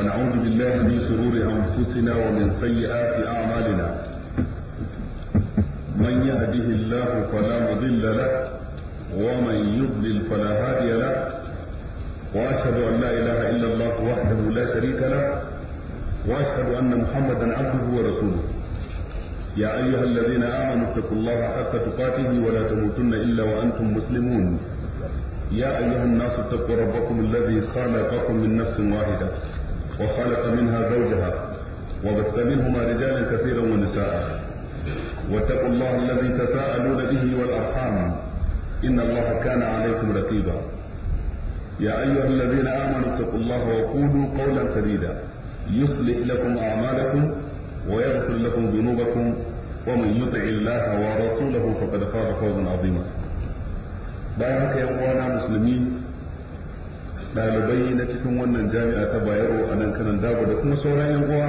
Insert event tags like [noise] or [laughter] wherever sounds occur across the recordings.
ونعوذ بالله من شرور أنفسنا ومن سيئات أعمالنا من يهده الله فلا مضل له ومن يضلل فلا هادي له وأشهد أن لا إله إلا الله وحده لا شريك له وأشهد أن محمدا عبده ورسوله يا أيها الذين آمنوا اتقوا الله حق تقاته ولا تموتن إلا وأنتم مسلمون يا أيها الناس اتقوا ربكم الذي خلقكم من نفس واحدة وخلق منها زوجها وبث منهما رجالا كثيرا ونساء واتقوا الله الذي تساءلون به والارحام ان الله كان عليكم رقيبا يا ايها الذين امنوا اتقوا الله وقولوا قولا سديدا يصلح لكم اعمالكم ويغفر لكم ذنوبكم ومن يطع الله ورسوله فقد فاز فوزا عظيما. بارك يا اخوانا مسلمين Dalibai na cikin wannan jami'a ta bayero a nan kanan dago da kuma sauran yan uwa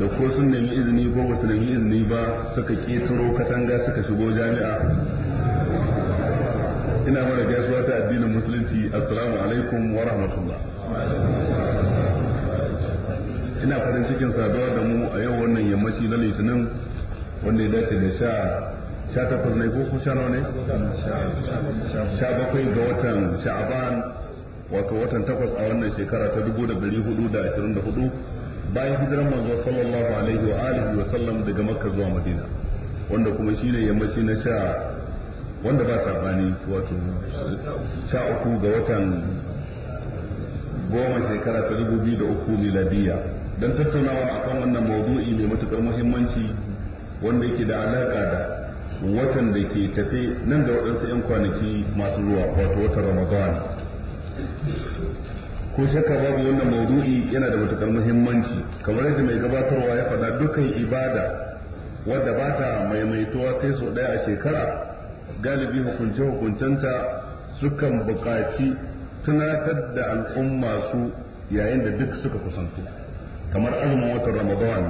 da ko sun nemi izini ko ba su nemi izini ba suka ƙetaro katanga suka shigo jami'a ina mara gaisuwa ta addinin musulunci assalamu alaikum wa rahmatullah ina farin cikin saduwa da mu a yau wannan yammaci na litinin wanda ya dace da sha sha takwas ne ko sha nawa ne sha bakwai ga watan sha'aban wato watan takwas a wannan shekara ta dubu da dari hudu da ashirin da hudu bayan hijiran manzo sallallahu alaihi wa alihi wa sallam daga makka zuwa madina wanda kuma shine yammaci na sha wanda ba sabani wato sha uku ga watan goma shekara ta dubu biyu da uku miladiya don tattaunawa akan wannan maudu'i mai matukar muhimmanci wanda yake da alaka da watan da ke tafe nan da waɗansu 'yan kwanaki masu zuwa wato watan ramadan ko shakka babu wannan maudu'i yana da matuƙar muhimmanci kamar yadda mai gabatarwa ya faɗa dukkan ibada wadda ba ta maimaituwa sai sau ɗaya a shekara galibi hukunce hukuncenta sukan buƙaci tunatar da al'umma su yayin da duk suka kusantu kamar azumin watan ramadan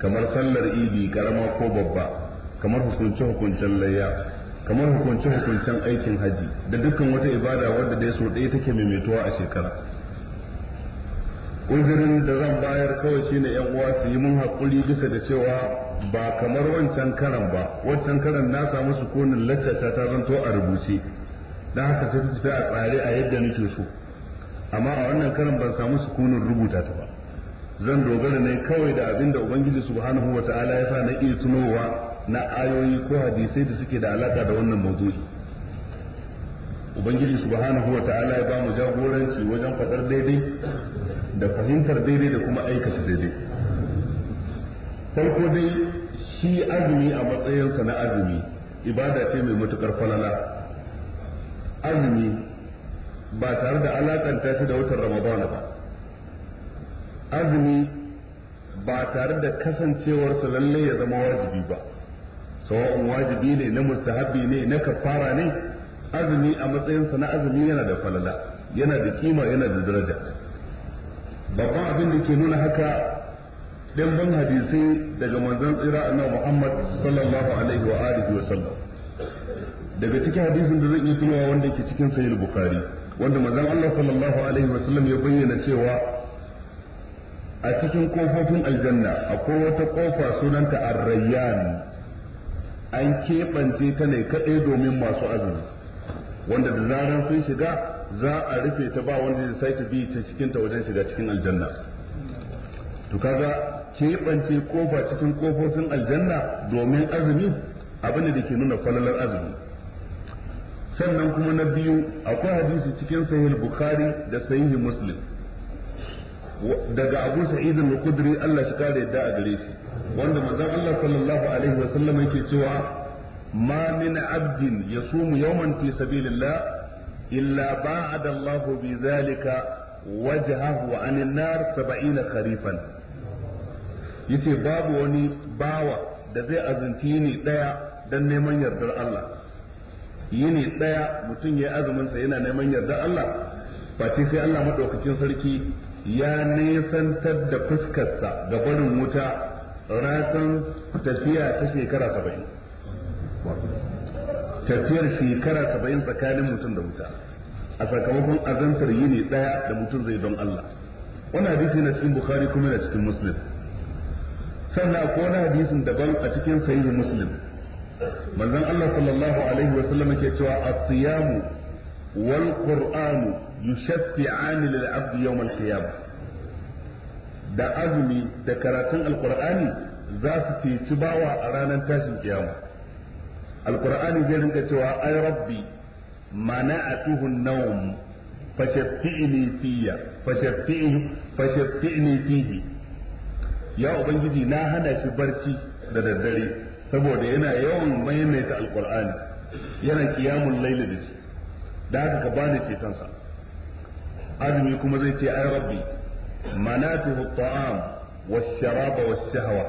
kamar sallar idi karama ko babba kamar hukunce hukuncen layya kamar hukunce hukuncen aikin haji da dukkan wata ibada wadda dai so ɗaya take maimaituwa a shekara uzurin da zan bayar kawai shine yan uwa su yi mun haƙuri bisa da cewa ba kamar wancan karan ba wancan karan na samu sukunin lacca ta zanto a rubuce dan haka ta fita a tsare a yadda nake so amma a wannan karan ban samu sukunin rubuta ta ba zan dogara ne kawai da abin da ubangiji subhanahu wataala ya sa na iya tunowa na ayoyi ko hadisai da suke da alaka da wannan mawdu'i ubangiji subhanahu wa ta'ala ya bamu jagoranci wajen faɗar daidai da fahimtar daidai da kuma aikata daidai farko dai shi azumi a matsayinsa na azumi ibada ce mai matukar falala azumi ba tare da alakanta shi da watan ramadana ba azumi ba tare da kasancewarsa lallai ya zama wajibi ba sawa'un wajibi ne na mustahabi ne na kafara ne azumi a matsayinsa na azumi yana da falala yana da kima yana da daraja babban abin da ke nuna haka ban hadisai daga manzon tsira annabi Muhammad sallallahu alaihi wa alihi wa sallam daga cikin hadisin da zan yi tunawa wanda ke cikin sahih bukhari wanda manzon Allah sallallahu alaihi wa sallam ya bayyana cewa a cikin kofofin aljanna akwai wata kofa sunanta ar-rayyan an keɓance ta ne kaɗai domin masu azumi wanda da zarar sun shiga za a rufe ta ba wanda zai sake bi ta cikin ta wajen shiga cikin aljanna to kaga keɓance kofa cikin kofofin aljanna domin azumi abin da ke nuna falalar azumi sannan kuma na biyu akwai hadisi cikin sahih bukhari da sahih muslim daga abu sa'id al-khudri Allah shi kare yadda a gare shi wanda manzon Allah sallallahu alaihi wa sallam yake cewa ma min abdin yasumu yawman fi sabilillah illa ba'ada Allah bi zalika wajhahu anin nar 70 kharifan yace babu wani bawa da zai azunci ni daya dan neman yardar Allah yini daya mutum ya azumin sa yana neman yardar Allah face sai Allah madaukakin sarki ya nesantar da fuskarsa ga barin wuta rasan tafiya ta shekara saba'in tafiyar shekara saba'in tsakanin mutum da wuta a sakamakon azantar yini ɗaya da mutum zai don Allah Wani hadisi na cikin bukhari kuma na cikin muslim sannan akwai wani hadisin daban a cikin sahihi muslim manzon Allah sallallahu alaihi wa sallam yake cewa as-siyamu wal qur'anu yushaffi'ani lil 'abdi yawm al-qiyamah da azumi da karatun alkur'ani za su ci bawa a ranar tashin kiyama alkur'ani zai rinka cewa ai rabbi mana a nawm fashaffi'ni fiyya fashaffi'ni fiye ya ubangiji na hana shi barci da daddare saboda yana yawan maimaita alkur'ani yana kiyamun laili da shi da haka ka bani cetonsa azumi kuma zai ce ai rabbi مناته الطعام والشراب والشهوة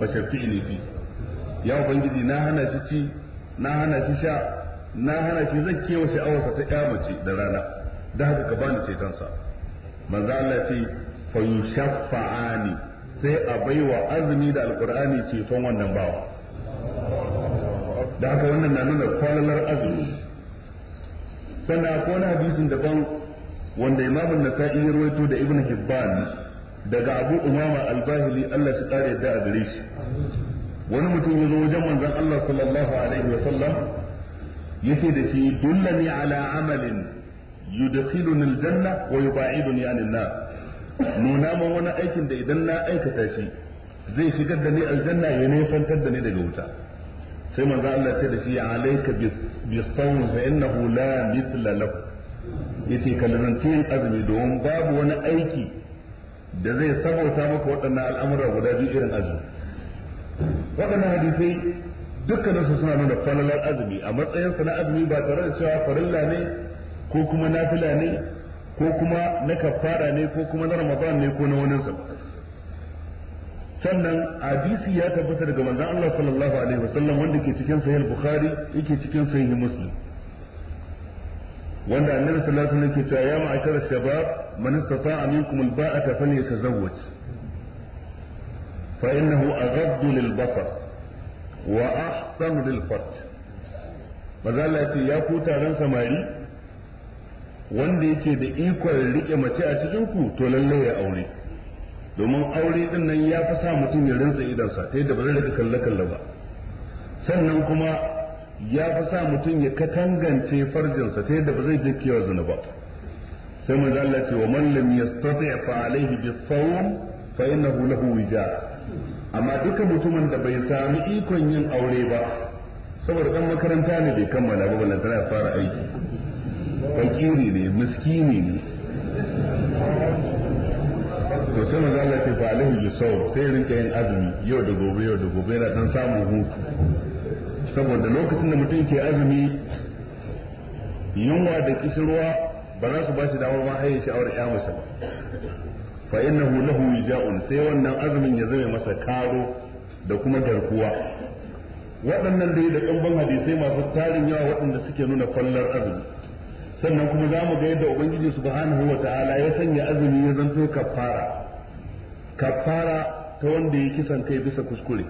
فشفعني فيه يا ubangiji na hana shi ci na hana shi sha na hana shi zakke wa sha'awarsa ta mace da rana da haka ka bani cetonsa manzo Allah ce fa yushaffa'ani sai a baiwa azumi da alqur'ani ceton wannan bawa da haka wannan na nuna kwalalar azumi sannan akwai wani hadisin daban wanda Imam an-Nasa'i ya rawaito da Ibn Hibban daga Abu Umama al-Bahili Allah ya kare da gare shi wani mutum ya zo wajen manzon Allah sallallahu alaihi wa sallam yace da shi dullani ala amalin yudkhiluni al-janna wa yub'iduni anin nar nuna man wani aikin da idan na aikata shi zai shigar da ni aljanna ya nesantar da ni daga wuta sai manzo Allah ya ce da shi alayka bi sawm fa innahu la mithla lahu yace ka lazanci yin azumi domin babu wani aiki da zai sabauta maka waɗannan al'amura guda biyu irin azumi waɗannan hadisai su suna nuna falalar azumi a matsayinsa na azumi ba tare da cewa farilla ne ko kuma nafila ne ko kuma na kafara ne ko kuma na ramadan ne ko na waninsa sannan hadisi ya tabbata daga manzon Allah sallallahu alaihi wasallam wanda ke cikin sahih bukhari yake cikin sahih muslim wanda annabi sallallahu alaihi wasallam ke cewa ya ma'ashar shabab man istata'a minkum alba'ata falyatazawwaj fa innahu aghaddu lil wa ahsanu lil maza Allah ce ya ku taron samari wanda yake da ikon rike mace a cikin ku to lalle ya aure domin aure din nan ya fi sa mutum ya rinsa idansa ta yadda ba zai rika kalle kalle ba sannan kuma ya fi sa mutum ya katangance farjinsa ta yadda ba zai je kiyar zina ba sai mun zalla ce wa man lam yastati fa alaihi bisawm fa innahu lahu wija amma duka mutumin da bai sami ikon yin aure ba saboda dan makaranta ne bai kammala ba ballan tana fara aiki fakiri ne miskini ne to sai mun zalla ce fa alaihi bisawm sai rinka yin azumi yau da gobe yau da gobe yana dan samun hutu saboda lokacin da mutum ke azumi yunwa da kishirwa ba za su ba shi damar ma hayin sha'awar ya masa ba fa innahu lahu wija'un sai wannan azumin ya zame masa karo da kuma garkuwa waɗannan dai da ƙamban hadisai masu tarin yawa waɗanda suke nuna fallar azumi sannan kuma za mu ga yadda ubangiji subhanahu wa ta'ala ya sanya azumi ya zanto kafara kafara ta wanda ya kisan kai bisa kuskure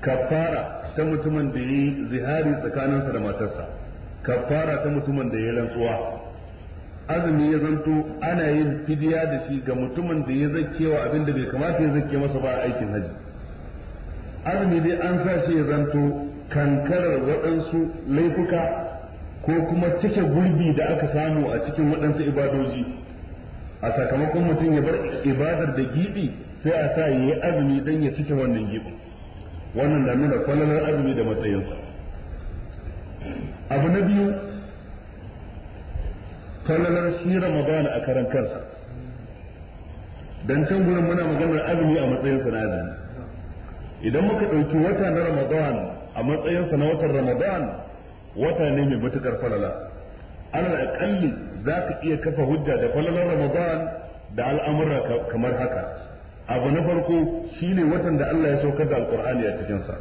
kafara ta mutumin da yi zihari tsakaninsa da matarsa kafara ta mutumin da ya rantsuwa azumi ya zanto ana yin fidiya da shi ga mutumin da ya zakewa abin da bai kamata ya zake masa ba aikin haji azumi dai an sa shi ya zanto kankarar waɗansu laifuka ko kuma cike gurbi da aka samu a cikin waɗansu ibadoji a sakamakon mutum ya bar ibadar da gibi sai a sa ya yi azumi don ya cike wannan gibin wannan na nuna kwallon azumi da matsayinsa abu na biyu kwallon shi ramadan a karan kansa dan can gurin muna maganar azumi a matsayinsa na azumi idan muka ɗauki wata na ramadan a matsayinsa na watan ramadan wata ne mai matukar falala Ana alal aƙalli za ka iya kafa hujja da falalar ramadan da al'amurra kamar haka abu na farko shine watan da Allah ya saukar da alqur'ani a cikin sa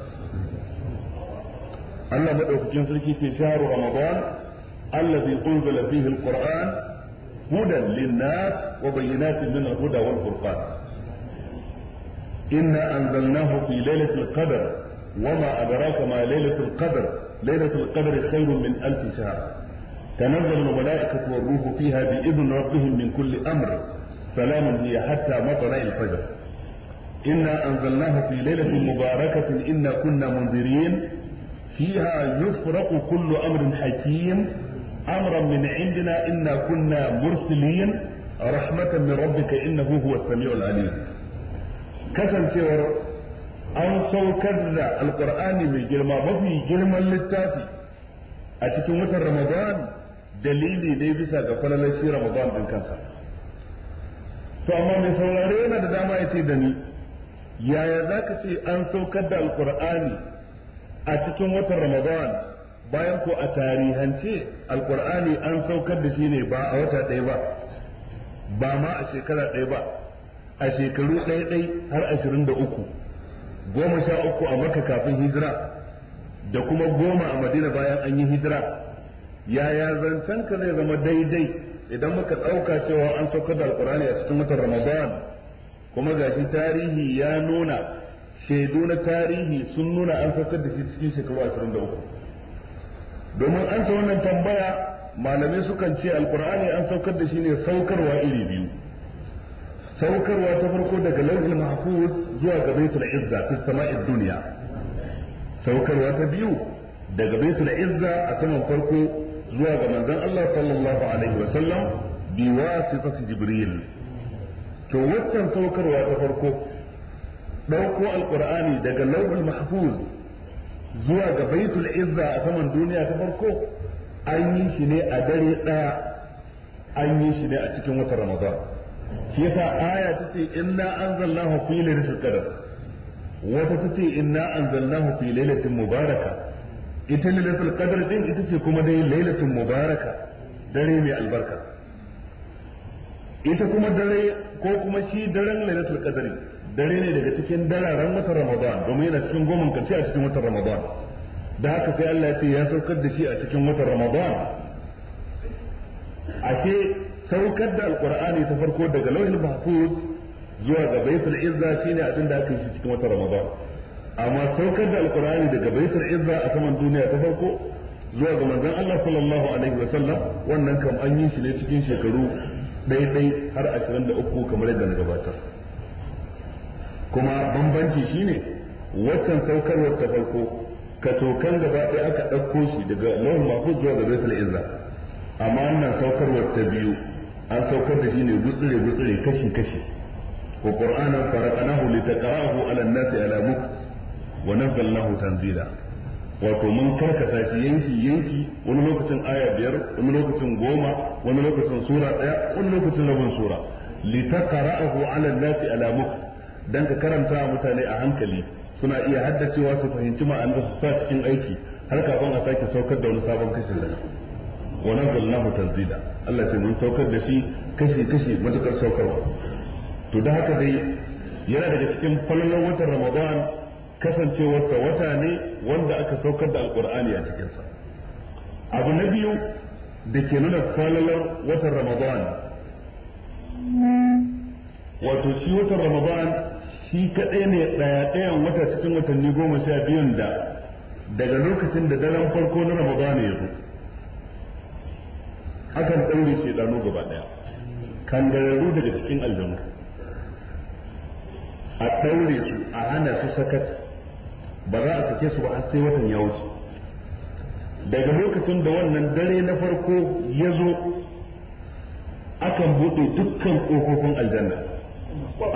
Allah madaukakin sarki ce shahru ramadan alladhi unzila fihi alqur'an hudan linnas wa bayyinatin min alhuda wal furqan inna anzalnahu fi laylatil qadr wa وما أدراك ما ليلة القدر ليلة القدر خير من ألف شهر تنزل الملائكة والروح فيها بإذن ربهم من كل أمر سلام هي حتى مطلع الفجر إنا أنزلناه في ليلة مباركة إنا كنا منذرين فيها يفرق كل أمر حكيم أمرا من عندنا إنا كنا مرسلين رحمة من ربك إنه هو السميع العليم كسن سور أن سوكر القرآن من جلما وفي جلما للتافي أتكون مثل رمضان dalili dai bisa ga falalar shi Ramadan din kansa to amma mai saurare yana da dama ya ce da ni yaya za ka ce an saukar da alkur'ani a cikin watan ramadan bayan ko a tarihance alkur'ani an saukar da shi ne ba a wata ɗaya ba ba ma a shekara ɗaya ba a shekaru ɗaya ɗai har ashirin da uku goma sha uku a maka kafin hijira da kuma goma a madina bayan an yi hijira yaya zancen ka zai zama daidai idan muka ɗauka cewa an saukar da alkur'ani a cikin watan ramadan kuma gashi tarihi ya nuna shaidu na tarihi sun nuna an saukar da shi cikin shekaru uku. domin an sa wannan tambaya malamai sukan ce alkur'ani an saukar da shi ne saukarwa iri biyu saukarwa ta farko daga lauhul mahfuz zuwa ga baitul izza fi sama'id dunya saukarwa ta biyu daga baitul izza a saman farko zuwa ga manzon Allah sallallahu alaihi wa sallam bi wasitati jibril to waccan saukarwa ta farko ɗauko alƙur'ani daga lauhul mahfuz zuwa ga baitul izza a saman duniya ta farko an yi shi ne a dare ɗaya an yi shi ne a cikin watan ramadan shi yasa aya ta ce inna anzalnahu fi lailatul qadr wata ta ce inna anzalnahu fi lailatin mubaraka ita lailatul qadr din ita ce kuma dai lailatul mubaraka dare mai albarka ita kuma dare ko kuma shi daren lailatul qadri dare ne daga cikin dararen watan ramadan domin yana cikin goman karshe a cikin watan ramadan da haka sai Allah ya ce ya saukar da shi a cikin watan ramadan ashe saukar da alqur'ani ta farko daga lauhin mahfuz zuwa ga baitul izza shine abin da aka yi shi cikin watan ramadan amma saukar da alqur'ani daga baitul izza a saman duniya ta farko zuwa ga manzon Allah sallallahu alaihi wa sallam wannan kam an yi shi ne cikin shekaru ɗaiɗai har ashirin da uku kamar yadda na gabatar kuma bambanci shine waccan saukarwar ta farko ka tokan gaba ɗaya aka ɗauko shi daga lawan mahfuz zuwa ga baitul izza amma wannan saukarwar ta biyu an saukar da shi ne gutsire gutsire kashi kashi wa qur'anan faraqnahu litaqra'ahu 'ala an-nasi 'ala mukth wa nazzalnahu tanzila wato mun karkata shi yanki yanki wani lokacin aya biyar wani lokacin goma wani lokacin sura daya wani lokacin rabin sura litaqra'ahu 'ala an-nasi ala muk dan ka karanta mutane a hankali suna iya haddacewa su fahimci ma'anar su sa cikin aiki har kafin a sake saukar da wani sabon kashin da wa nazzalnahu tanzila Allah sai mun saukar da shi kashi kashi matukar saukarwa to da haka dai yana daga cikin falalar watan Ramadan kasancewarsa wata ne wanda aka saukar da alkur'ani a cikinsa abu na biyu da ke nuna falalar watan ramadan wato shi watan ramadan shi kaɗai ne ɗaya ɗayan wata cikin watanni goma sha biyun da daga lokacin da daren farko na ramadan ya zo akan ɗaure shaidanu gaba ɗaya kangararru daga cikin aljanu a ɗaure su a hana su sakat ba za a sake su ba har sai watan ya wuce daga lokacin da wannan dare na farko ya zo akan buɗe dukkan ƙofofin aljanna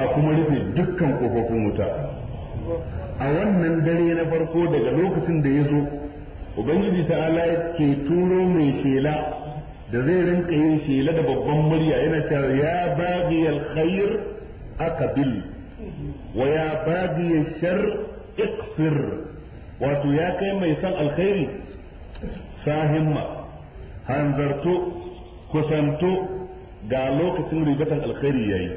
a kuma rufe dukkan ƙofofin wuta a wannan dare na farko daga lokacin da ya zo ubangiji ta'ala ke turo mai shela da zai rinka yin shela da babban murya yana cewa ya baghi alkhair bil wa ya baghi shar Iksir, wato ya kai mai san alkhairi sahimma hanzarto kusanto ga lokacin ribatan alkhairi yayi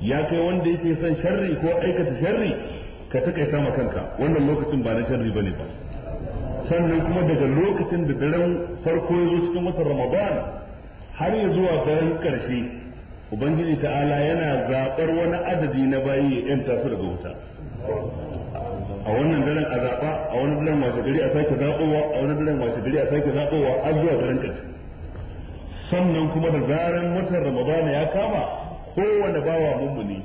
ya kai wanda yake son sharri ko aikata sharri ka takaita ma kanka wannan lokacin ba na sharri bane ba sannan kuma daga lokacin da daren farko ya zo cikin watan ramadan har ya zuwa daren karshe ubangiji ta'ala yana zaɓar wani adadi na baya ya yanta su daga wuta a wannan daren a zaɓa a wani daren washe gari a sake zaɓowa a wani daren washe gari a sake zaɓowa har zuwa daren ƙarshe sannan kuma da zaren watan ramadana ya kama kowane bawa mummuni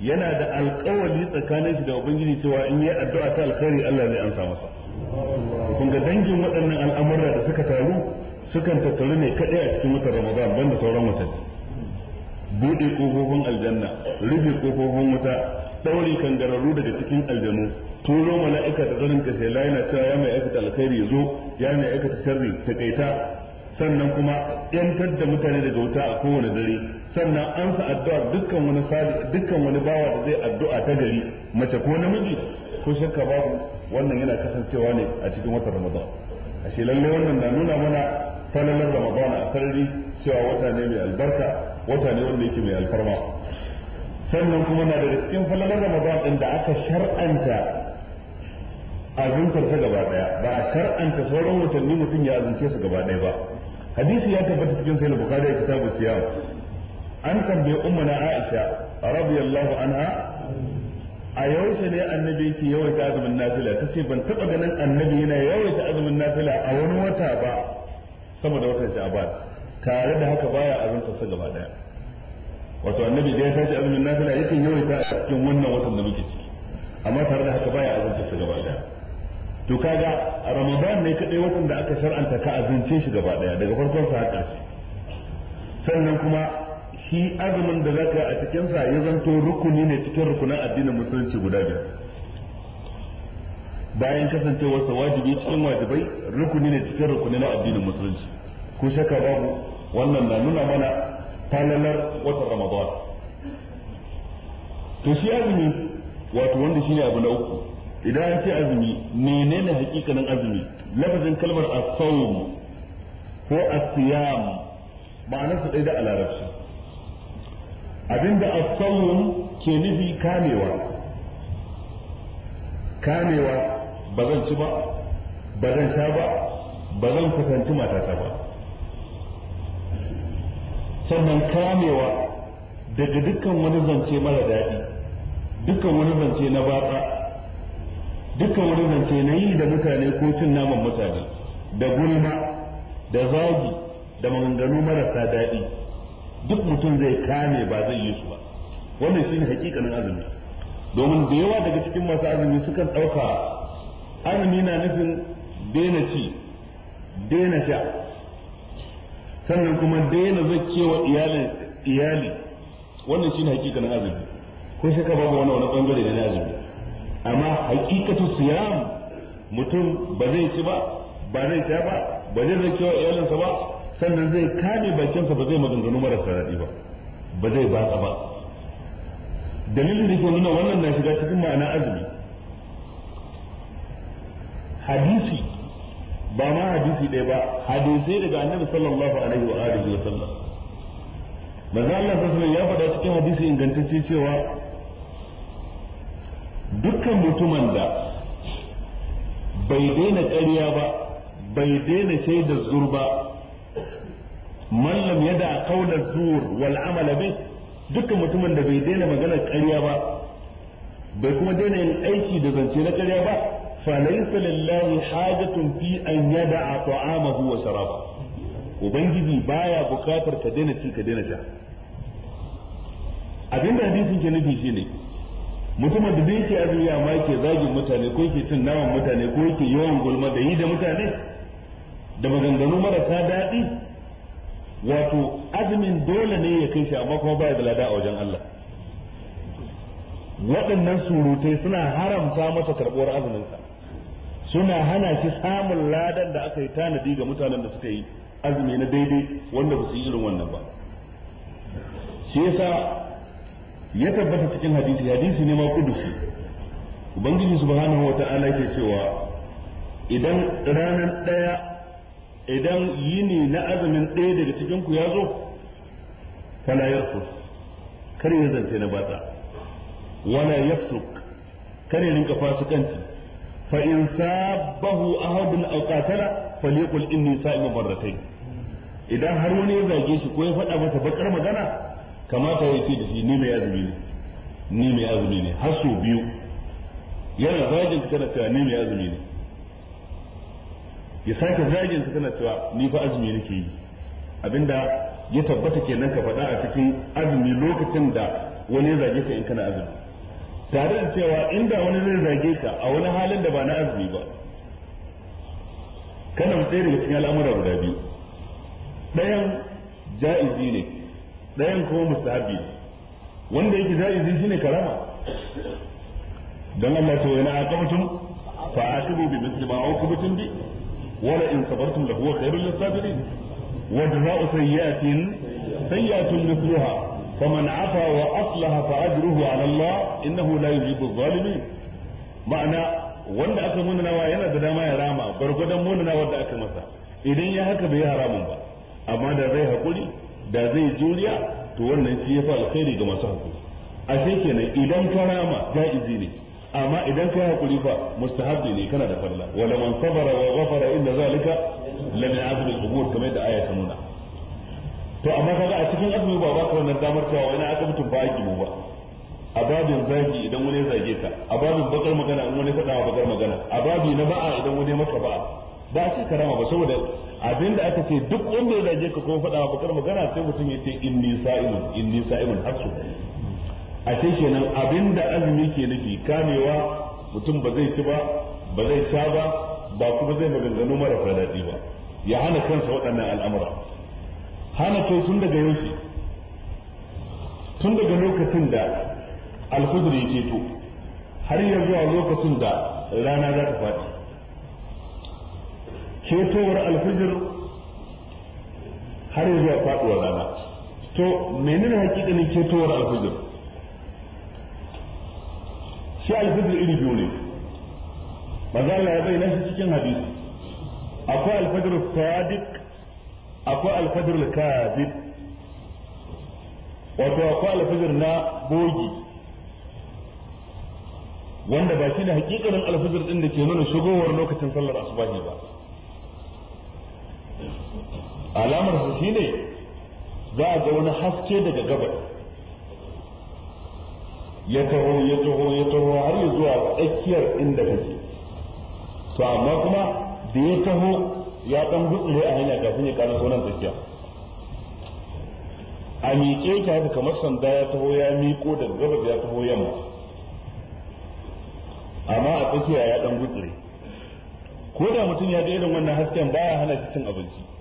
yana da alƙawari tsakanin shi da ubangiji cewa in yi addu'a ta alkhairi Allah zai amsa masa kun ga dangin waɗannan al'amura da suka taru sukan tattaru ne kaɗai a cikin watan ramadan da sauran watanni buɗe ƙofofin aljanna rufe ƙofofin wuta ɗaure kangararru daga cikin aljanu turo mala'ika da zanen kashe la yana cewa ya mai aikata alkhairi zo ya mai aikata sharri takaita sannan kuma yantar da mutane daga wuta a kowane dare sannan an sa addu'a dukkan wani sadi dukkan wani bawa da zai addu'a ta gari mace ko namiji ko shakka babu wannan yana kasancewa ne a cikin watan ramadan ashe lalle wannan na nuna mana falalar ramadan a sarari cewa wata ne mai albarka wata ne wanda yake mai alfarma sannan kuma na daga cikin falalar ramadan din da aka shar'anta azuntar ta gaba daya ba a shar'anta sauran watanni mutum ya azunce su gaba daya ba hadisi ya tabbata cikin sahih bukhari ya kitabu siyam an tambaye ummuna aisha radiyallahu anha a yaushe ne annabi yake yawaita azumin nafila tace ban taba ganin annabi yana yawaita azumin nafila a wani wata ba sama da watan sha'ban tare da haka baya azuntar sa gaba daya wato annabi da ya tashi azumin nafila yakan yawaita a cikin wannan watan da muke ciki amma tare da haka baya azuntar sa gaba daya to kaga ramadan ne kadai watan da aka shar'anta ka azince shi gaba daya daga farkon sa har sannan kuma shi azumin da zaka a cikin sa ya zanto rukuni ne cikin rukunan addinin musulunci guda biyar bayan kasancewarsa wajibi cikin wajibai rukuni ne cikin rukunin na addinin musulunci ko shaka babu wannan na nuna mana talalar watan ramadan to shi azumi wato wanda shine abu na uku idan an ce azumi menene hakikanin azumi lafazin kalmar as-sawm ko as-siyam ma'anar su da larabci abinda as-sawm ke nufi kamewa kamewa ba zan ci ba ba zan sha ba ba zan kusanci matata ba sannan kamewa daga dukkan wani zance mara daɗi dukkan wani zance na baƙa. dukkan wani zance na yi da mutane ko cin naman mutane da gulma da zagi da maganganu marasa daɗi duk mutum zai kame ba zai yi su ba wannan shine hakikanin azumi domin da yawa daga cikin masu azumi sukan ɗauka azumi na nufin daina ci daina sha sannan kuma daina zai iyali iyali wannan shine hakikanin azumi ko ka babu wani wani bangare da na azumi amma hakikatu siyam mutum ba zai ci ba ba zai sha ba ba zai zai wa iyalinsa ba sannan zai kame bakinsa ba zai maganganu marasa daɗi ba ba zai ba ba dalilin da ke nuna wannan na shiga cikin ma'ana azumi hadisi ba ma hadisi ɗaya ba hadisai daga annabi sallallahu alaihi wa alihi wa sallam manzo Allah sallallahu ya faɗa cikin hadisi ingantacce cewa dukkan mutumin da bai daina ƙarya ba bai daina shaidar zur ba mallam yada a zur zuwar amala bi dukkan mutumin da bai daina maganar ƙarya ba bai kuma daina yin aiki da zance na ƙarya ba falaysa lillahi hajatun fi an yada'a ta'amahu wa sharaba ubangiji baya bukatar ka daina ci ka daina sha abinda hadisin ke nufi shine mutumin da bai ke azumi ma ke zagin mutane ko yake cin naman mutane ko yake yawan gulma da yi da mutane da maganganu marasa daɗi wato azumin dole ne ya kai shi amma kuma baya da lada a wajen Allah waɗannan surutai suna haramta masa karɓuwar azuminsa suna hana shi samun ladan da aka yi tanadi ga mutanen da suka yi azumi na daidai wanda ba su yi irin wannan ba shi yasa ya tabbata cikin hadisi hadisi ne ma kudusi ubangiji subhanahu wata'ala ke cewa idan ranar ɗaya, idan yini na azumin daya daga cikin ku ya zo fala yarfus kar ya zance na bata wala yafsuk kar ya rinka fasikanci fa in sabahu ahadun aw qatala falyakul inni sa'imun barratayn idan har wani ya zage shi ko ya faɗa masa bakar magana kamata ya ce da shi ni mai azumi ne ni mai azumi ne har sau biyu yana zagin ka tana cewa ni mai azumi ne ya sake zagin ka tana cewa ni fa azumi nake yi abinda ya tabbata kenan ka faɗa a cikin azumi lokacin da wani ya zage ka in kana azumi tare da cewa inda wani zai zage ka a wani halin da ba na azumi ba kana mutsayar daga cikin al'amura guda biyu ɗayan ja'izi ne ɗayan kuma mustahabi wanda yake jaizi shine karama dan Allah ce yana aqabtum fa aqibu bi mithli ma uqibtum bi wala in sabartum lahu khairul lisabirin wa jazaa'u sayyi'atin sayyi'atun mithluha فمن عفا وأصلح فأجره على الله إنه لا يجيب الظالمين Ma'ana wanda aka munanawa yana da dama ya rama gwargwadon munanawa da aka masa idan ya haka bai haramun ba amma da zai haƙuri da zai juriya to wannan shi ya fi alkhairi ga masu hakuri ashe kenan idan ka rama jaizi ne amma idan ka hakuri fa mustahabbi ne kana da falla wala man sabara wa ghafara inna zalika la min azmi al-umur kamar da aya ta nuna to amma kaga a cikin azumi ba ba ka wannan damar cewa wani aka mutum ba aiki ba a babin zagi idan wani ya zage ka a babin bakar magana in wani faɗa bakar magana a babi na ba'a idan wani ya maka ba'a ba a ce karama ba saboda abinda aka ce duk wanda ya zage ka kuma faɗa bakar magana sai mutum ya ce inni in nisa sa'ilun har su a ce kenan abinda azumi ke nufi kamewa mutum ba zai ci ba ba zai sha ba ba kuma zai maganganu marasa daɗi ba ya hana kansa waɗannan al'amura hana kai tun daga yaushe tun daga lokacin da alhudur ya to har ya zuwa lokacin da rana za ta faɗi ketowar alfijir har zuwa faduwar rana to menene hakikanin ketowar alfijir shi alfijir iri biyu ne maza Allah ya bayyana shi cikin hadisi akwai alfajir sadiq akwai alfajir kadib wato akwai alfajir na bogi wanda ba shi ne hakikanin alfajir din da ke nuna shigowar lokacin sallar asubahi ba alamar su shine za a ga wani haske daga gabas ya taho ya taho ya taho har ya zuwa tsakiyar inda kake to amma kuma da ya taho ya dan gutsure a hanya kafin ya kara sonan tsakiya a miƙe ka haka kamar sanda ya taho ya miƙo da gabas ya taho yamma amma a tsakiya ya dan gutsure ko da mutum ya ga irin wannan hasken baya hana shi cin abinci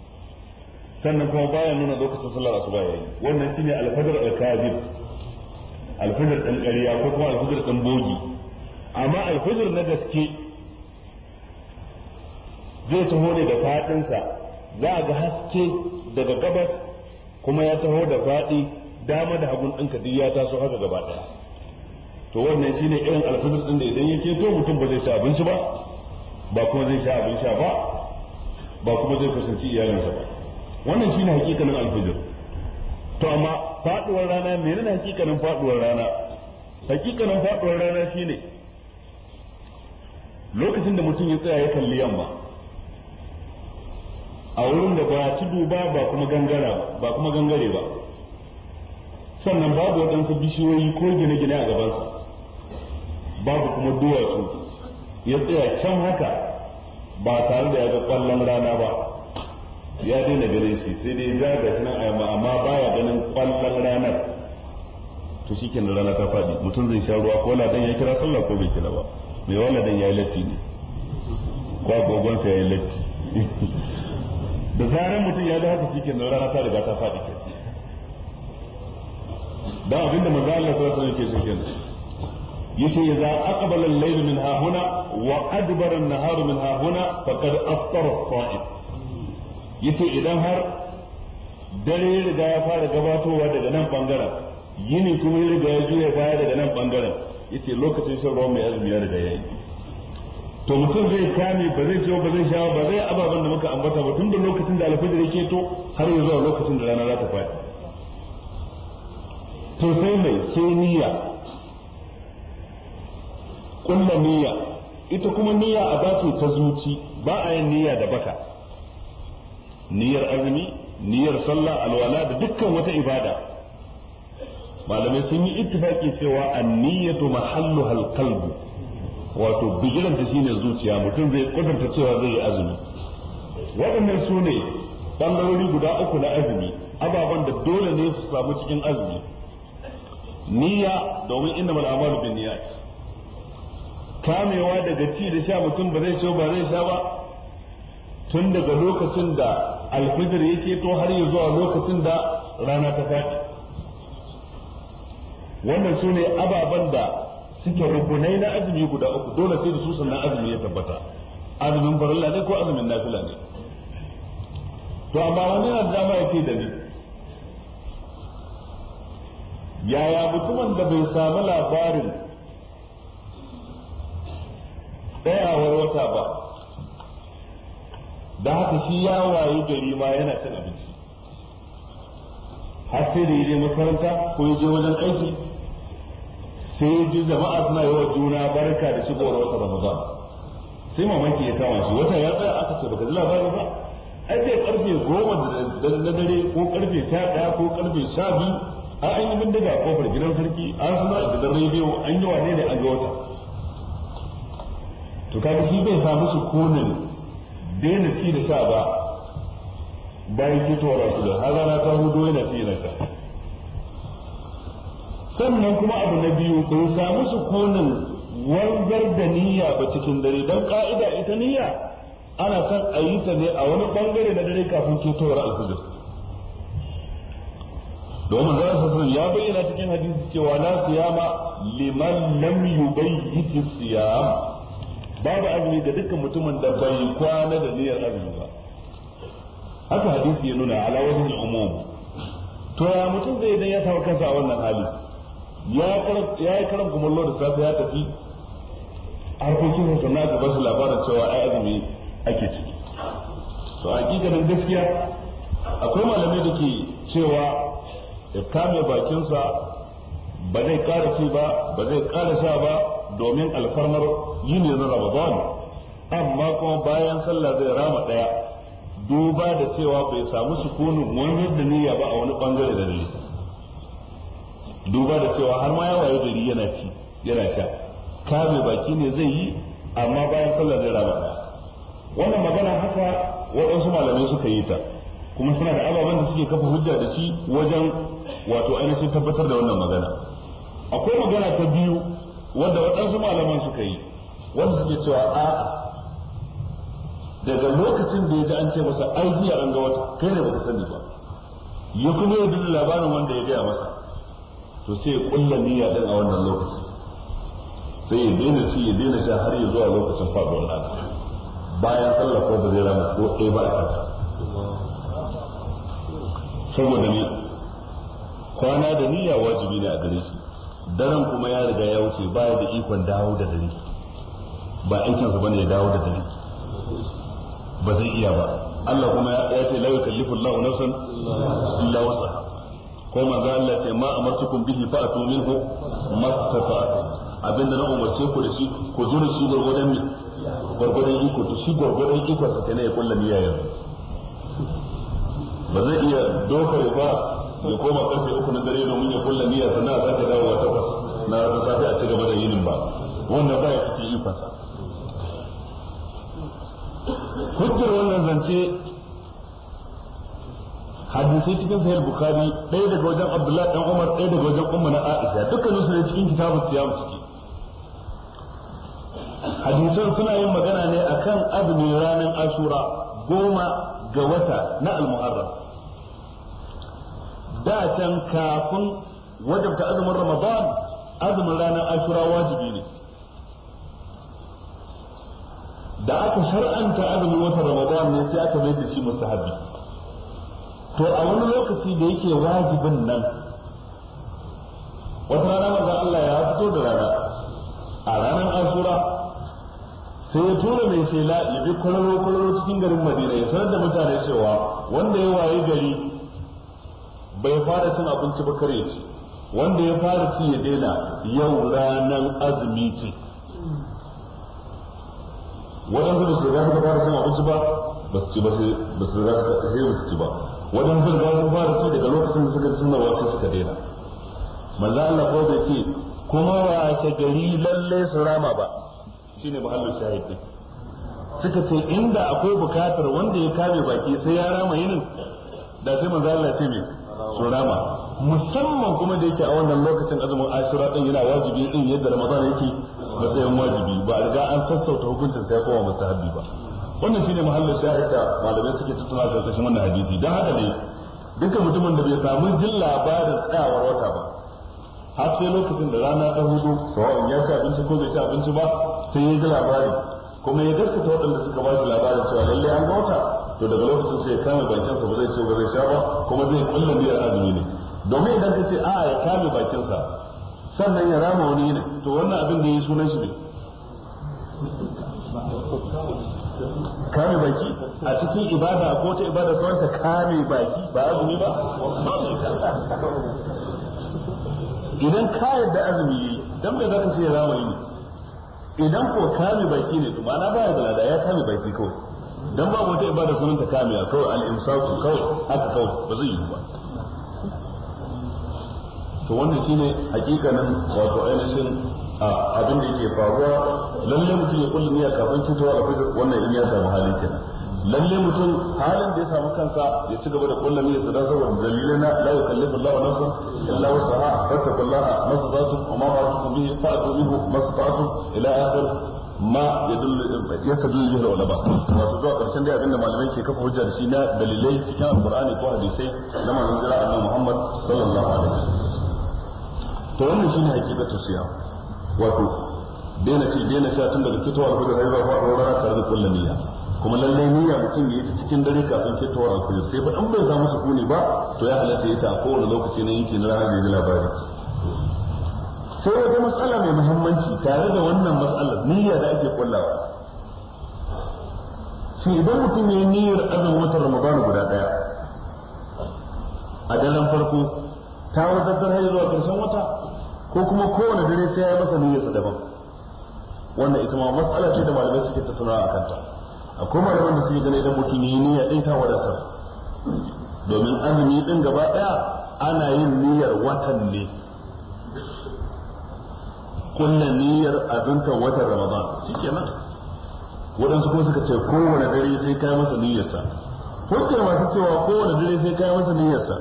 sannan kuma bayan nuna lokacin sallar asuba yayi wannan shine alfajar alkazib alfajar dan ƙarya ko kuma alfajar dan bogi amma alfajar na gaske zai taho ne da sa za a ga haske daga gabas kuma ya taho da fadi dama da hagun ɗinka duk ya taso haka gaba ɗaya to wannan shine irin alfajar ɗin da idan yake to mutum ba zai sha abinci ba ba kuma zai sha abin sha ba ba kuma zai kusanci iyalinsa ba wannan shine hakikanin alfijir to amma faduwar rana menene hakikanin faduwar rana hakikanin faduwar rana shine lokacin da mutum ya tsaya ya kalli yamma a wurin da ba tudu ba ba kuma gangara ba kuma gangare ba sannan babu waɗansu bishiyoyi ko gine-gine a gabansa babu kuma duwatsu ya tsaya can haka ba tare da ya ga kwallon rana ba ya daina ganin shi sai dai ya ga nan ayyama amma baya ganin kwallon ranar to shi kenan rana ta faɗi mutum zai sha ruwa ko ladan ya kira sallah ko bai kira ba mai wa ladan ya yi latti ne ko agogonsa ya yi latti [laughs] da zarar mutum ya ga haka shi kenan rana ta riga ta faɗi ke da abinda manzo Allah sallallahu alaihi wasallam yake kenan yace idza aqbala al-layl min ha huna wa adbara an-nahar min ha huna faqad aftara as-sa'im yace idan har dare ya riga ya fara gabatowa daga nan bangaren yini kuma ya riga ya juya baya daga nan bangaren yace lokacin shan ruwan mai azumi ya riga ya yi to mutum zai kame ba zai ciwo ba zai sha ba zai ababen da muka ambata ba tun da lokacin da alfajir yake to har ya zuwa lokacin da rana za ta fadi to sai mai sai niyya kullu niyya ita kuma niyya a bace ta zuci ba a yin niyya da baka niyyar azumi niyyar sallah alwala da dukkan wata ibada malamai sun yi ittifaki cewa an-niyyatu mahalluhal qalbu wato bijiran ta shine zuciya mutum zai kudurta cewa zai yi azumi waɗannan su ne bangarori guda uku na azumi ababen da dole ne su samu cikin azumi niyya domin inna mal'amalu bin niyyat kamewa daga ci da sha mutum ba zai so ba zai sha ba tun daga lokacin da alfijir ya to har yi zuwa lokacin da rana ta faɗi wannan su ne ababen da suke rukunai na azumi guda uku dole sai da su sannan azumi ya tabbata azumin barilla ne ko azumin nafila ne to amma wani da dama ya ce da ni yaya mutumin da bai samu labarin tsayawar wata ba da haka shi ya wayo gari ma yana cin abinci har sai da yaje makaranta ko yaje wajen aiki sai yaji jama'a suna yi wa juna barka da shi gowar wata ramadan sai mamaki ya kama shi wata ya tsaya aka ce baka ji labarin ba ai sai karfe goma na dare ko karfe sha daya ko karfe sha biyu a an yi bindiga a kofar gidan sarki an suna a gidan rediyo an yi wane ne an yi wata to kaga shi bai samu su konin daina fi da sha ba bayan fitowar da har na ta hudu yana fi na sha sannan kuma abu na biyu bai samu konin wanzar da niyya ba cikin dare don ka'ida ita niyya ana son a yi ta ne a wani bangare na dare kafin fitowar da domin za su ya bayyana cikin hadisi cewa na siyama liman lam yubayyiti siyam babu azumi ga dukkan mutumin da bai kwana da niyyar azumi ba haka hadisi ya nuna ala wajhi umum to ya mutum zai idan ya samu kansa a wannan hali ya yi ya kumallo da safe ya tafi harkokin sa na gaba su labarin cewa ai azumi ake ciki to hakikanin gaskiya akwai malamai da ke cewa ya kame bakinsa ba zai ƙara ci ba ba zai ƙara sha ba domin alfarmar yini na ramadan amma kuma bayan sallah zai rama daya duba da cewa bai samu sukunin wani da niyya ba a wani bangare da niyya duba da cewa har ma ya waye gari yana ci yana sha kame baki ne zai yi amma bayan sallah zai rama daya wannan magana haka waɗansu malamai suka yi ta kuma suna da ababen da suke kafa hujja da shi wajen wato ainihin tabbatar da wannan magana akwai magana ta biyu wanda waɗansu malaman suka yi wanda suke cewa a'a daga lokacin da ya ji an ce masa ai jiya an ga wata kai ne baka sani ba ya kuma yi duk labarin wanda ya gaya masa to sai ya kulla niyya din a wannan lokaci sai ya daina shi ya daina sha har ya zuwa lokacin faɗuwar rana bayan sallah ko da zai rana ko ɗaya ba a kansa saboda ne kwana da niyya wajibi ne a gare shi daren kuma ya riga ya wuce ba da ikon dawo da dare ba aikin sa bane ya dawo da dare ba zai iya ba Allah kuma ya ce la yukallifu Allahu nafsan illa wasa ko manzo Allah ce ma amartukum bihi fa'atu minhu mastata'tum abinda na umarce ku da shi ku zo da shi gurgurdan ne gurgurdan iko to shi gurgurdan iko sa ne ya kulla yayin ba zai iya dokar ba ya koma karfe uku na dare domin ya kulla niyyar sannan a sake dawowa wasu, na ta safe a ci gaba da yinin ba wannan baya cikin ikonsa hujjar wannan zance hadisai cikin sahih bukhari ɗaya daga wajen abdullahi dan umar ɗaya daga wajen umma na aisha dukkan su ne cikin kitabu siyam suke hadisan suna yin magana ne akan azumin ranar ashura goma ga wata na al-muharram da can kafin wajabta azumin ramadan azumin ranar ashura wajibi ne da aka shar'anta azumin watan ramadan ne sai aka mai da shi mustahabi to a wani lokaci da yake wajibin nan wata rana manzon Allah ya fito da rana a ranar ashura sai ya tura mai shela ya bi kwararo kwararo cikin garin madina ya sanar da mutane cewa wanda ya waye gari bai fara cin abinci ba kare ci wanda ya fara ci ya daina yau ranar azumi ce waɗansu da su riga fara cin abinci ba ba su ci ba sai ba su riga suka sai ba su ci ba waɗansu da su fara ci daga lokacin da suka ci sunna wasu suka daina manzo Allah ko da ce kuma ta gari lalle su rama ba shine mahallin shahidi suka ce inda akwai bukatar wanda ya kame baki sai ya rama yinin da sai manzo Allah ce me surama musamman kuma da yake a wannan lokacin azumin ashura din yana wajibi din yadda ramadan yake matsayin wajibi ba riga an sassauta hukuncin sai kowa mustahabi ba wannan shine mahallin shahid da malamai suke tattauna da kashin wannan hadisi dan haka ne dukkan mutumin da bai samu jin labarin tsayawar wata ba har sai lokacin da rana ta hudu sawa'in ya ci abinci ko bai ci abinci ba sai ya ji labari kuma ya gaskata waɗanda suka ba shi labarin cewa lallai an ga wata to daga lokacin sai kame bakin sa ba zai ce ba zai sha ba kuma zai kullum biyar azumi ne domin idan ka ce a ya kame bakin sa sannan ya rama wani ne to wannan abin da yi sunan shi ne kame baki a cikin ibada ko ta ibada sauran ta kame baki ba azumi ba idan ka yadda azumi yi dan bai zaka ce ya rama ne idan ko kame baki ne to ma na baya da ya kame baki kawai dan ba wata ibada sunan ta kamiya kawai al-imsaku kawai haka kawai ba zai yi ba to wannan shine hakikanin wato ainihin abin da yake faruwa lalle mutum ya kullu niyya kafin fitowa alfajir wannan in ya samu halin kenan lalle mutum halin da ya samu kansa ya ci gaba da kullu niyya da saboda dalilai na la yukallifu Allahu nafsan illa wusaha fattaqullaha masata'tum wa ma ba'atukum bihi fa'tu minhu masata'tum ila akhir ma ya jihar wala ba wato zuwa karshen dai abinda malamai ke kafa hujja da shi na dalilai cikin alqur'ani ko hadisai na manzon jira Allah Muhammad sallallahu alaihi wasallam to wannan shine hakikatar siya wato daina ci daina sha tun daga fitowar da rayuwa ba ko rana tare da kullum niyya kuma lallai niyya mutum ya yi cikin dare kafin fitowar alfajir sai ba dan bai samu sukuni ba to ya halatta ya ta a kowane lokaci na yake na rana da labari sai wata matsala mai muhimmanci tare da wannan matsalar niyya da ake kullawa shi idan mutum ya yi niyyar azumin watan ramadana guda daya a daren farko ta wadatar har zuwa karshen wata ko kuma kowane dare sai ya masa niyyarsa daban wannan ita ma matsala ce da malamai suke tattauna a kanta akwai malaman da suke ganin idan mutum ya yi niyya ɗin ta wadatar domin azumi ɗin gaba ɗaya ana yin niyyar watan ne kunna niyyar azunta watan ramadan shikenan waɗansu kuma suka ce kowane dare sai kai masa niyyarsa hujjar masu cewa kowane dare sai kai masa niyyarsa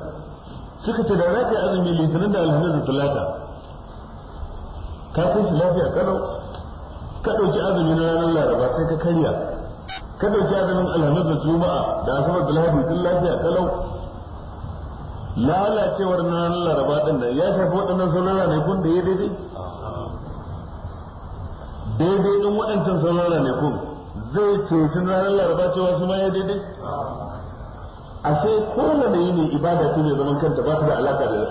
suka ce da za ka yi azumi litinin da alhamis da talata ka kai shi lafiya kalau ka ɗauki azumi na ranar laraba sai ka karya ka ɗauki azumin alhamis da juma'a da asabar da lahadi sun lafiya kalau lalacewar na ranar laraba ɗin da ya shafi waɗannan sauran ranakun da ya daidai daidai ɗin waɗancan sauran ranakun zai ceci ranar laraba cewa su ma ya daidai sai kowane ne ibada ce mai zaman kanta ba ta da alaka da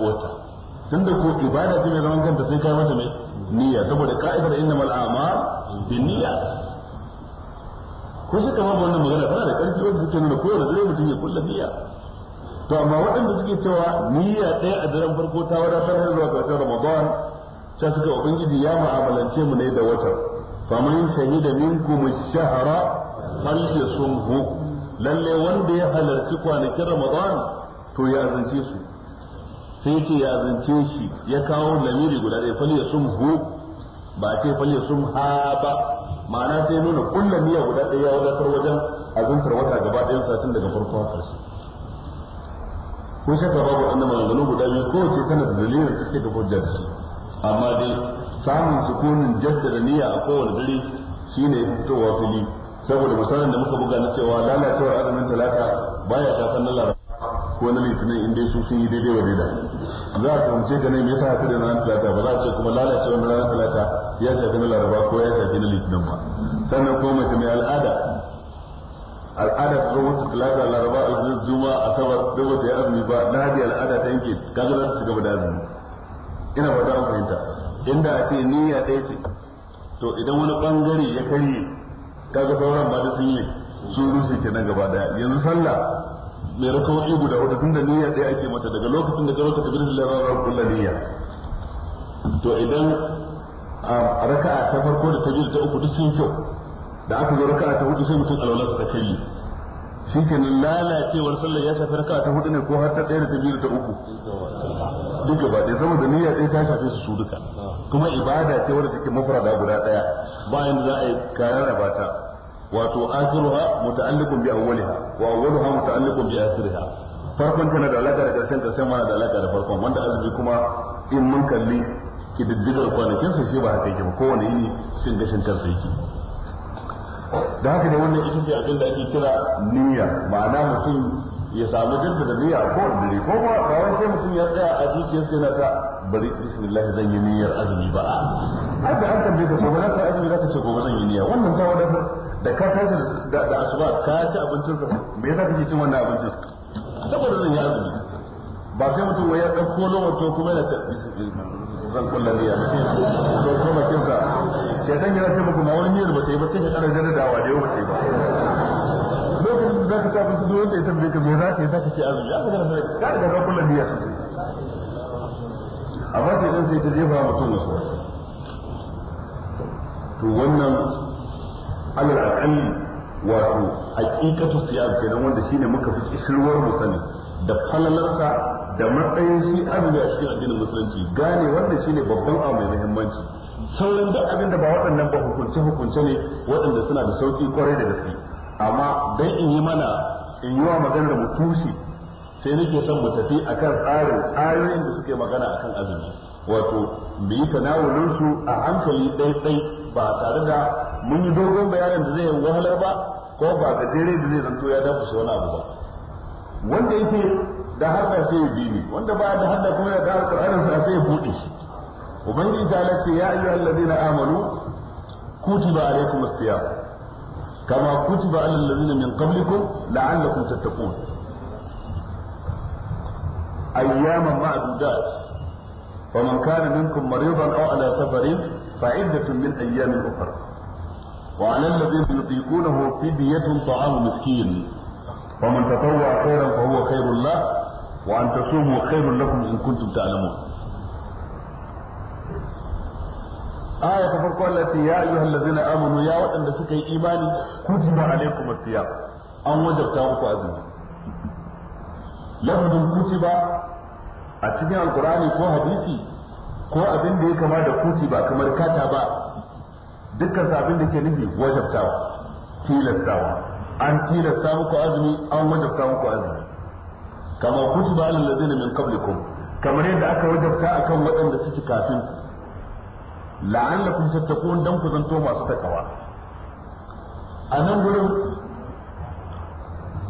tun da ko ibada ce mai zaman kanta sai kai mata mai niyya saboda ka'idar mal'ama a'mal niyya ko shi kamar wannan magana tana da ƙarfi wanda suke nuna kowane dare mutum ya kulla niyya to amma waɗanda suke cewa niyya ɗaya a daren farko ta wadatar har zuwa ƙarshen ramadan ta suka ubangiji ya mu'amalance mu ne da watan faman shahida minkum ash-shahra falyasumhu Lallai wanda ya halarci kwanakin ramadan to ya zance su sai ce ya zance shi ya kawo lamiri guda ɗaya falyasumhu ba ce falyasumha ba ma'ana sai nuna ƙulla miya guda ɗaya ya wadatar wajen azuntar wata gaba ɗayan satin daga farko har ƙarshe ko shaka babu wannan maganganu guda biyu kowace tana da dalilin da take da hujjar amma dai samun sukunin jaddada niyya a kowane dare shine fitowa fili saboda misalin da muka buga na cewa lalacewar azumin talata baya shafan na laraba ko na litinin in dai su sun yi daidai wa daida za a kamce ga nai me yasa haka da ranar talata ba za a ce kuma lalacewar na ranar talata ya shafi na laraba ko ya shafi na litinin ba sannan ko mace mai al'ada al'ada ta zo wata talata laraba alhamis a asabar duk wata ya azumi ba hadi al'ada ta yanke kaga za su gaba da azumi ina ba ta fahimta inda a ce niyya ɗaya ce to idan wani bangare ya karye kaga sauran ba da sun yi sun rushe na gaba daya yanzu sallah mai rakawa'i guda wata tun da niyya ɗaya ake mata daga lokacin da ta tafi da ba kula niyya to idan a raka'a ta farko da ta biyu da ta uku duk sun kyau da aka zo raka'a ta hudu sai mutum alwala ta kai shikenan lalacewar sallar ya shafi raka'a ta hudu ne ko har ta ɗaya da ta biyu da ta uku duk ba ɗaya saboda niyya ɗaya ta shafe su su duka kuma ibada ce wadda take mafrada guda ɗaya bayan da za a yi karara ba ta wato akhiruha muta'alliqun bi awwaliha wa awwaluha muta'alliqun bi akhiriha farkon tana da alaka da karshen karshen ma da alaka da farkon wanda azumi kuma in mun kalli kididdigar kwanakin sa shi ba haka yake ba kowane yini cin gashin kansa yake da haka ne wannan ita ce abin da ake kira niyya ma'ana mutum ya samu da niyya ko dare ko ba ba sai mutum ya tsaya a sai na ta bari bismillah zan yi niyyar azumi ba a haka da an tambaye ka gobe za azumi za ka ce gobe zan yi niyya wannan ta wadata da ka tashi da asuba ka ci abincin ka me yasa kake cin wannan abincin saboda zan yi azumi ba sai mutum wai ya dauko lokaci kuma yana ta zan kullu niyya ba to kuma kinsa shaitan yana ce maka ma wani miyar ba ta yi ba sai ka tsara jarradawa da yau ba ta yi ba lokacin da za ka tafi su ta ya tambaye ka me za ka yi za ka ce azumi aka gana sai ka riga ka kulla niyyar amma sai dan sai ta jefa mutum wasu to wannan alal aqalli wato haqiqatu siyam kenan wanda shine muka fi shirwar mu sani da falalarsa da matsayin shi azumi a cikin addinin musulunci gane wanda shine babban abu mai muhimmanci sauran duk abin da ba waɗannan ba hukunce hukunce ne waɗanda suna da sauki kwarai da gaske amma dan in yi mana in yi wa maganar mu tushe sai nake son mu tafi akan tsarin ayoyin da suke magana akan azumi wato mu yi tanawulin su a hankali ɗai ba tare da mun yi dogon bayanin da zai wahalar ba ko ba gajere da zai zanto ya dafa su wani abu ba wanda yake da harka sai ya bi ne wanda ba da harka kuma ya da harka sai ya buɗe shi ubangiji ta lace ya ayyuhal ladina amanu kutiba alaikum as-siyam kama kutiba alal ladina min qablikum la'allakum tattaqun ayyaman ma'dudat faman kana minkum maridan aw ala safarin fa'iddatun min ayyamin ukhra وعلى الذين يطيقونه فدية طعام مسكين ومن تطوع خيرا فهو خير له وأن تصوموا خير لكم إن كنتم تعلمون aya ta farko Allah ce ya ayyuhal ladzina amanu ya waɗanda suka yi imani kutiba alaikum as-siyam an wajabta muku azumi lafazin kutiba a cikin alqur'ani ko hadisi ko abin ya kama da kutiba kamar kata ba dukkan abin da ke nufi wajabtawa tilastawa an tilasta muku azumi an wajabta muku azumi kama kutiba alal ladzina min qablikum kamar yadda aka wajabta akan waɗanda suke kafin la'allakum tattaqun dan ku zanto masu takawa a nan gurin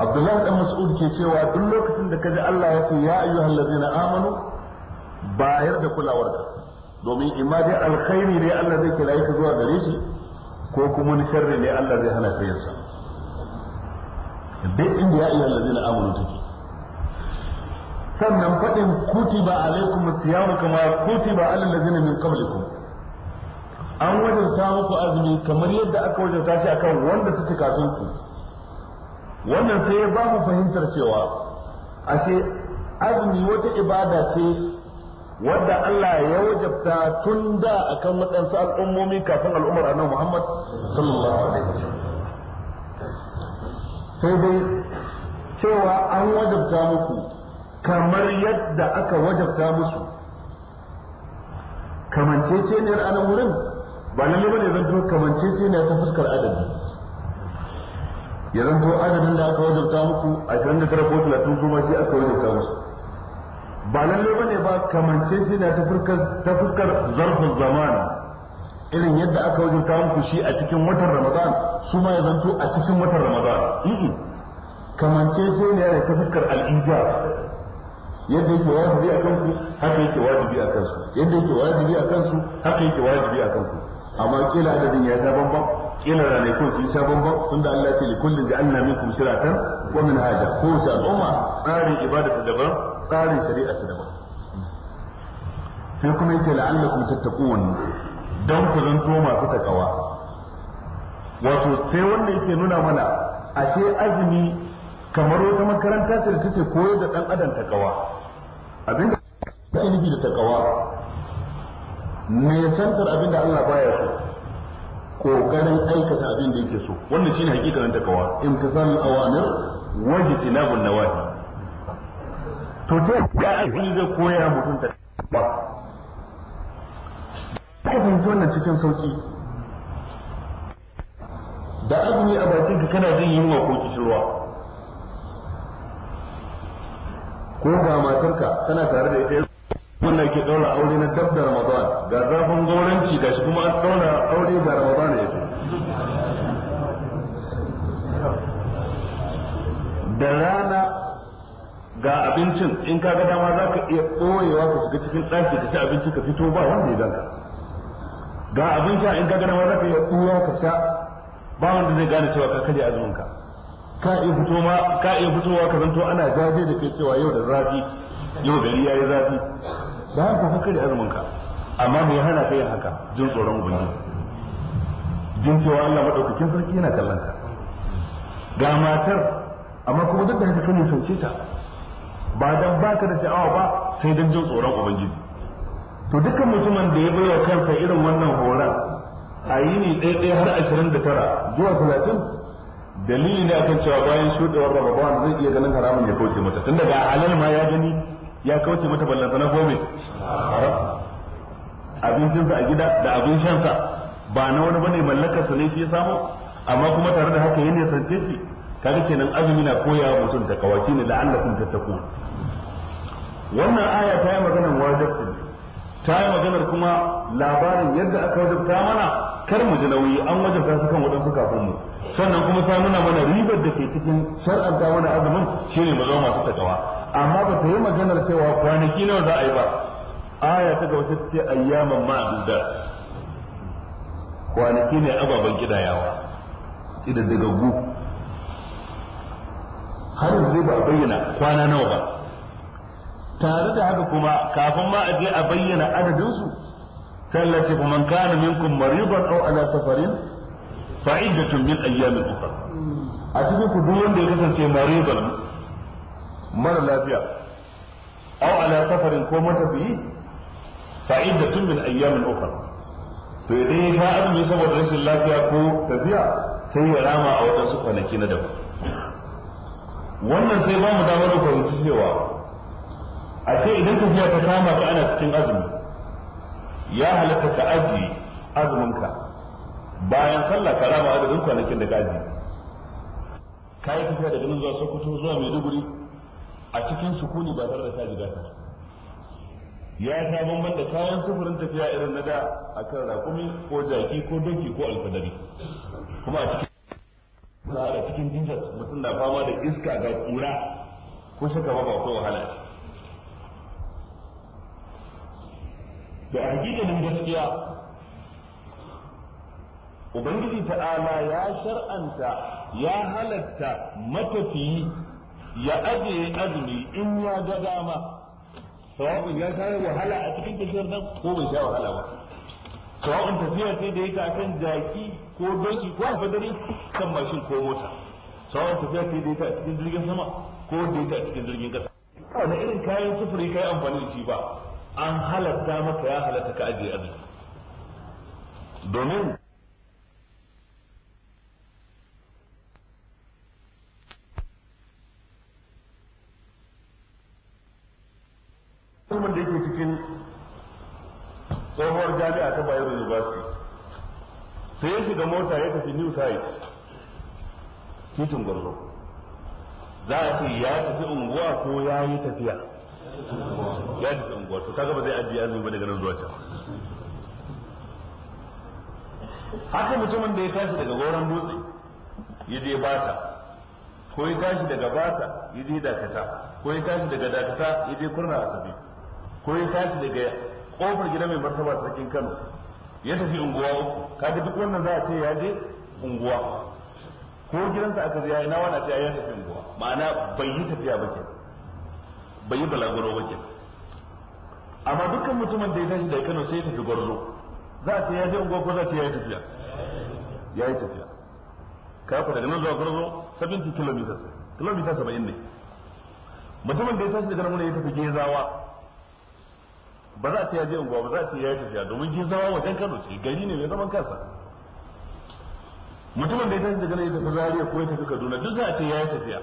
Abdullah dan Mas'ud ke cewa duk lokacin da kaji Allah ya ce ya ayyuhal ladzina amanu bayar da kulawar ka domin imma dai alkhairi ne Allah zai kira ka zuwa gare shi ko kuma ni sharri ne Allah zai hana ka yinsa duk inda ya ayyuhal ladzina amanu take sannan faɗin kutiba alaikum siyamu kama kutiba alal ladzina min qablikum an wajabta muku azumi kamar yadda aka wajenta shi akan wanda suke kafin ku wannan sai ya ba mu fahimtar cewa ashe azumi wata ibada ce wadda Allah ya wajabta tun da akan waɗansu al'ummomi kafin al'ummar annabi Muhammad sallallahu alaihi sai dai cewa an wajabta muku kamar yadda aka wajabta musu ne anan wurin ba ba ne zan to ce ne ta fuskar adadi ya zan to adadin da aka wajabta muku 29 ko 30 kuma shi aka wajabta musu ba ba ne ba ce ne ta fuskar ta fuskar zarfin zamani irin yadda aka wajabta muku shi a cikin watan Ramadan su ma ya zanto a cikin watan Ramadan ce ne ta fuskar al'ija yadda yake wajibi a kansu haka yake wajibi a kansu yadda yake wajibi a kansu haka yake wajibi a kansu amma kila adadin ya sha bambam kila ranakun sun sha bambam tunda Allah ce likullin da anna minkum shiratan wa min haja ko ta al'umma tsarin ibada ta daban tsarin shari'a ta daban sai kuma yake la'allakum tattaqun Dan ku zan zanto masu takawa wato sai wanda yake nuna mana ashe azumi kamar wata makaranta ce da take koyar da dan adam takawa abinda ake nufi da takawa mai santar abin da Allah baya so kokarin aikata abin da yake so wannan shine hakikanin takawa san awamir wajtinabun nawahi to ta ya aiki zai koya mutum ta ba ka fahimci wannan cikin sauki da azumi a bakin ka kana jin yunwa ko kishirwa ko ga matarka tana tare da ita wannan ke daura aure na dab da ramadan ga zafin gauranci ga shi kuma an daura aure da ramadan ya da rana ga abincin in ka ga dama za ka iya ɓoyewa ka shiga cikin ɗaki ka ci abinci ka fito ba wanda ya ganka ga abinci in ka ga dama za ka iya ɓuwa ka sha ba wanda zai gane cewa ka karya azumin ka ka iya fito ma ka iya fitowa ka zanto ana jaje da kai cewa yau da zafi yau gari yayi zafi da haka ka da azumin ka amma me ya hana kai haka jin tsoron ubangiji jin cewa Allah madaukakin sarki yana kallon ka ga matar amma kuma duk da haka kane sauke ta ba dan baka da sha'awa ba sai dan jin tsoron ubangiji to dukkan mutumin da ya bayar kansa irin wannan horon a yi ne ɗaya har ashirin da tara zuwa talatin dalili ne a kan cewa bayan shuɗewar da zai iya ganin haramun ya kauce mata tun daga halal ma ya gani ya kauce mata ballanta na gome abincinsa a gida da abin shansa ba na wani bane mallakar sa ne shi ya samu amma kuma tare da haka yana sance shi kaga kenan azumi na koya wa mutum ta kawaki ne sun tattaku. wannan aya ta yi maganar wajibi ta yi maganar kuma labarin yadda aka wajabta mana kar mu ji nauyi an wajabta su kan waɗansu kafin mu sannan kuma ta nuna mana ribar da ke cikin shar'anta mana azumin shine mu zama masu takawa amma ba ta yi maganar cewa kwanaki nawa za a yi ba aya ta gaba ta ce ayyaman ma'adudda kwanaki ne ababen kidayawa idan daga gu har yanzu ba a bayyana kwana nawa ba tare da haka kuma kafin ma a je a bayyana adadinsu tallace kuma kana minkum maridan aw ala safarin fa min ayyamin ukhra a cikin ku duk wanda ya kasance maridan mara lafiya aw ala safarin ko matafiyi fa tun min ayyamin ukhra to idan ya sha azumi saboda rashin lafiya ko tafiya sai ya rama a su kwanaki na daban wannan sai ba mu damar fahimci cewa a ce idan tafiya ta kama ka ana cikin azumi ya halatta ka aji azuminka bayan sallah ka rama adadin kwanakin da ka aji ka yi tafiya daga nan zuwa sokoto zuwa maiduguri a cikin sukuni ba tare da ta jiga ta ya ta bamban da kayan sufurin tafiya irin na da a kan rakumi ko jaki ko doki ko alfadari kuma a cikin a cikin jinjas mutum na fama da iska ga kura ko shaka ba ko wahala da hakikanin gaskiya ubangiji ta'ala ya shar'anta ya halatta matafiyi ya ajiye azumi in ya ga dama sawabin ya sha wahala a cikin tafiyar nan ko bai sha wahala ba sawabin tafiya sai da yake akan jaki ko doki ko fadari kan mashin ko mota sawabin tafiya sai da yake a cikin jirgin sama ko da yake a cikin jirgin kasa wani irin kayan sufuri kai amfani da shi ba an halatta maka ya halatta ka ajiye azumi domin mutumin da yake cikin tsohuwar jami'a ta bayero university sai ya shiga mota ya tafi new site titin gwarzo za a ce ya tafi unguwa ko ya yi tafiya ya tafi unguwa to kaga ba zai ajiye azumi ba daga nan zuwa can haka mutumin da ya tashi daga goron dutse ya je bata ko ya tashi daga bata ya je dakata ko ya tashi daga dakata ya je kurna asabi ko ya tashi daga kofar gida mai martaba cikin Kano ya tafi unguwa uku kaga duk wannan za a ce ya je unguwa ko gidansa aka ziyara ina wani a ce ya tafi unguwa ma'ana bai yi tafiya ba ke bai yi balaguro ba ke amma dukkan mutumin da ya tashi daga Kano sai ya tafi gwarzo za a ce ya je unguwa ko za a ce ya yi tafiya ya yi tafiya kafa daga nan zuwa gwarzo 70 kilomita kilomita 70 ne mutumin da ya tashi daga nan ya tafi gezawa ba za ta yaje unguwa ba za ta yaje tafiya domin kin zama wajen Kano ce gari ne mai zaman kansa mutumin da ya tafi daga nan ya tafi ko ya tafi Kaduna duk za ta yaje tafiya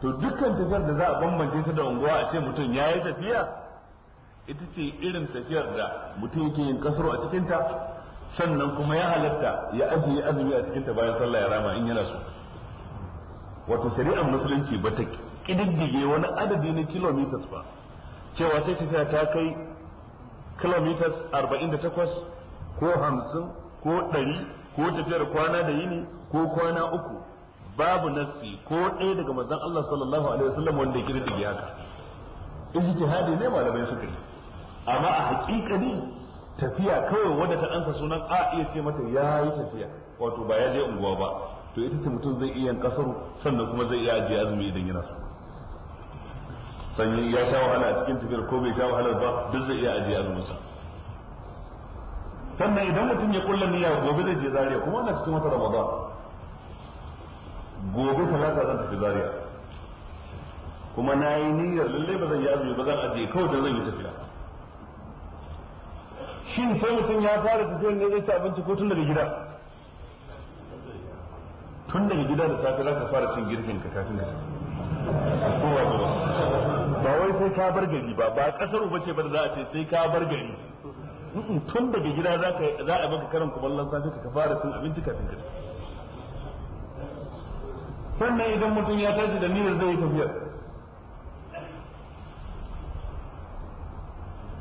to dukkan tafiyar da za a bambance ta da unguwa a ce mutum ya yi tafiya ita ce irin tafiyar da mutum yake yin kasaro a cikin ta sannan kuma ya halatta ya ajiye azumi a cikin ta bayan sallah ya rama in yana so wato shari'ar musulunci ba ta kididdige wani adadi na kilomitas ba cewa sai tafiya ta kai kilometers 48 ko 50 ko 100 ko tafiyar kwana da yini ko kwana uku babu nassi ko ɗaya daga manzon Allah sallallahu alaihi wasallam wanda ya kirdige haka ijtihadi ne malamai suka yi amma a hakikani tafiya kawai wanda ta ansa sunan a iya ce mata ya yi tafiya wato ba ya je unguwa ba to ita ce mutum zai iya kasaru sannan kuma zai iya ajiye azumi idan yana so sanyi ya sha wahala a cikin tafiyar ko bai sha wahalar ba duk zai iya ajiye azuminsa sannan idan mutum ya kulla niyya gobe zai je zariya kuma wannan cikin wata ramadan gobe talata zan tafi zariya kuma na yi niyyar lallai ba zan yi azumi ba zan ajiye kawai da zan yi tafiya shin sai mutum ya fara tafiyar ne zai ci abinci ko tun daga gida tun daga gida da safe za ka fara cin girkin ka kafin ka tafi kowa gaba ba wai sai ka bar gari ba ba kasar ba ce ba za a ce sai ka bar gari tun daga gida za a yi maka karin kumallon safe ka fara cin abinci kafin ka sannan idan mutum ya tashi da niyyar zai tafiya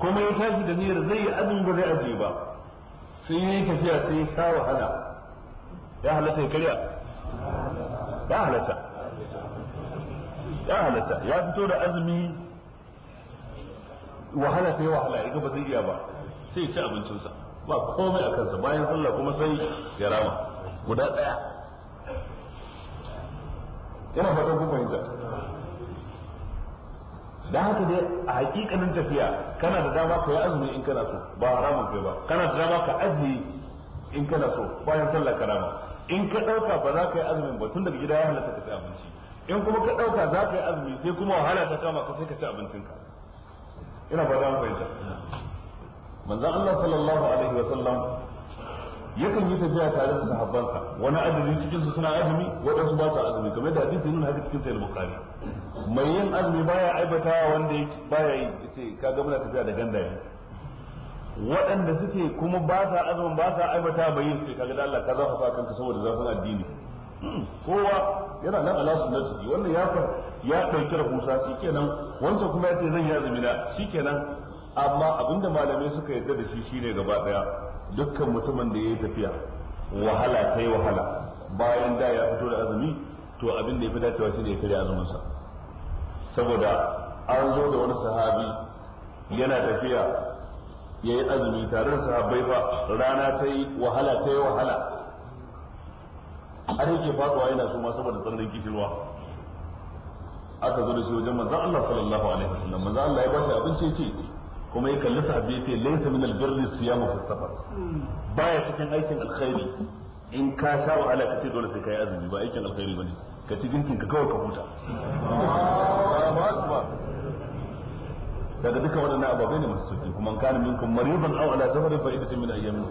kuma ya tashi da niyyar zai yi abin ba zai ajiye ba sai ya yi tafiya sai ya sa wahala ya halatta ya karya ba halatta ya halatta ya fito da azumi wahala sai wahala ya gaba zai iya ba sai ya ci abincinsa ba komai a kansa bayan sallah kuma sai ya rama guda ɗaya Yana fatan kuma fahimta dan haka dai a hakikanin tafiya kana da dama ka yi azumi in kana so ba haramun kai ba kana da dama ka azumi in kana so bayan sallah rama in ka ɗauka ba za ka yi azumin ba tun daga gida ya halatta ka ci abinci in kuma ka ɗauka za ka yi azumi sai kuma wahala ta kama ka sai ka ci abincinka ina ba za mu fahimta manzon Allah sallallahu alaihi wa sallam yakan yi tafiya tare da sahabbansa wani adadin cikin su suna azumi waɗansu ba su azumi kamar da hadisi nuna haka cikin sahih bukhari mai yin azumi baya aibata wanda baya yi yace kaga muna tafiya da gandaye waɗanda suke kuma ba sa azumin ba sa aibata mai yin sai kaga da Allah ka zafa kanka saboda zafin addini Hmm, kowa yana nan ala sunnati wannan ya ya dauki rahusa shikenan wancan kuma yace zan yi azumi na shikenan amma abinda malamai suka yarda da shi shine gaba daya dukkan mutumin da yayi tafiya wahala kai wahala bayan da ya fito da azumi to abin da ya fi dacewa shine ya karya azumin sa saboda an zo da wani sahabi yana tafiya yayi azumi tare da sahabbai fa rana ta yi wahala ta yi wahala har ke faɗuwa yana suma saboda tsananin kishirwa aka zo da shi wajen manzon Allah sallallahu alaihi wasallam manzon Allah ya ba shi abinci ya ce kuma ya kalli sahabbai ya ce laysa min albirri siyamu fi safar baya cikin aikin alkhairi in ka sha wahala kace dole sai kai azumi ba aikin alkhairi bane ka ci jinkin ka kawai ka huta daga duka waɗannan ababai ne masu sauki kuma kana minkum maridan aw ala safarin fa idatun min ayyamin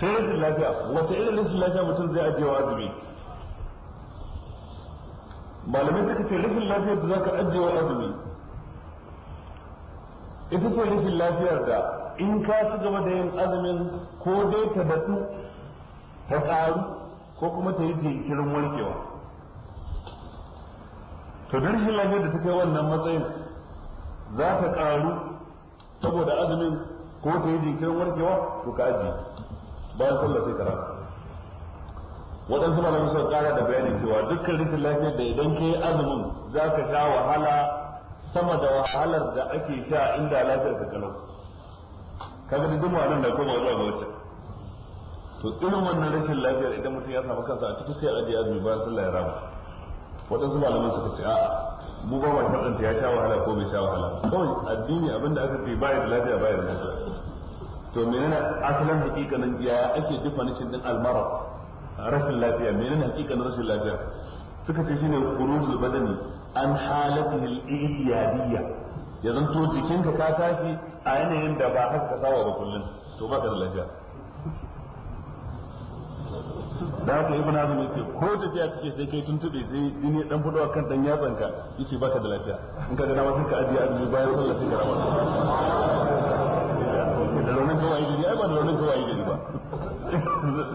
sai rashin lafiya wata irin rashin lafiya mutum zai ajiye wa azumi malamai suka ce rashin lafiyar da zaka ajiye wa azumi ita ce rashin lafiyar da in ka ci gaba da yin azumin ko dai ta batu ta ƙaru ko kuma ta yi jinkirin warkewa to da rashin lafiyar da ta kai wannan matsayin za ta ƙaru saboda azumin ko ta yi jinkirin warkewa to ka ajiye bayan sallah sai karatu waɗansu malamai suka kara da bayanin cewa dukkan rikin lafiyar da idan ka yi azumin za ka sha wahala sama da wahalar da ake sha inda lafiyar ka kalau kaga da duk wannan da koma zuwa ga wacce to irin wannan rashin lafiyar idan mutum ya samu kansa a cikin sai ajiye azumi bayan sallah ya rama waɗansu malamai suka ce a'a mu ba ma shaɗanta ya sha wahala ko bai sha wahala kawai addini abinda aka ce baya da lafiya baya da lafiya to menene asalin hakikanin ya ake definition din almarar rashin lafiya menene hakikanin rashin lafiya suka ce shine khurujul badani an halatihi al-iyadiyya ya zanto jikinka ka tashi a yanayin da ba haka sawa ba kullun to ba ka da lafiya da haka ibn azum yace ko ya kake sai kai tuntube sai dini dan fudo kan dan yatsanka yace ka da lafiya in ka ga dama sai ka ajiye azumi bayan sallah sai ka rawa da raunin kawai gari ai ba da raunin kawai gari ba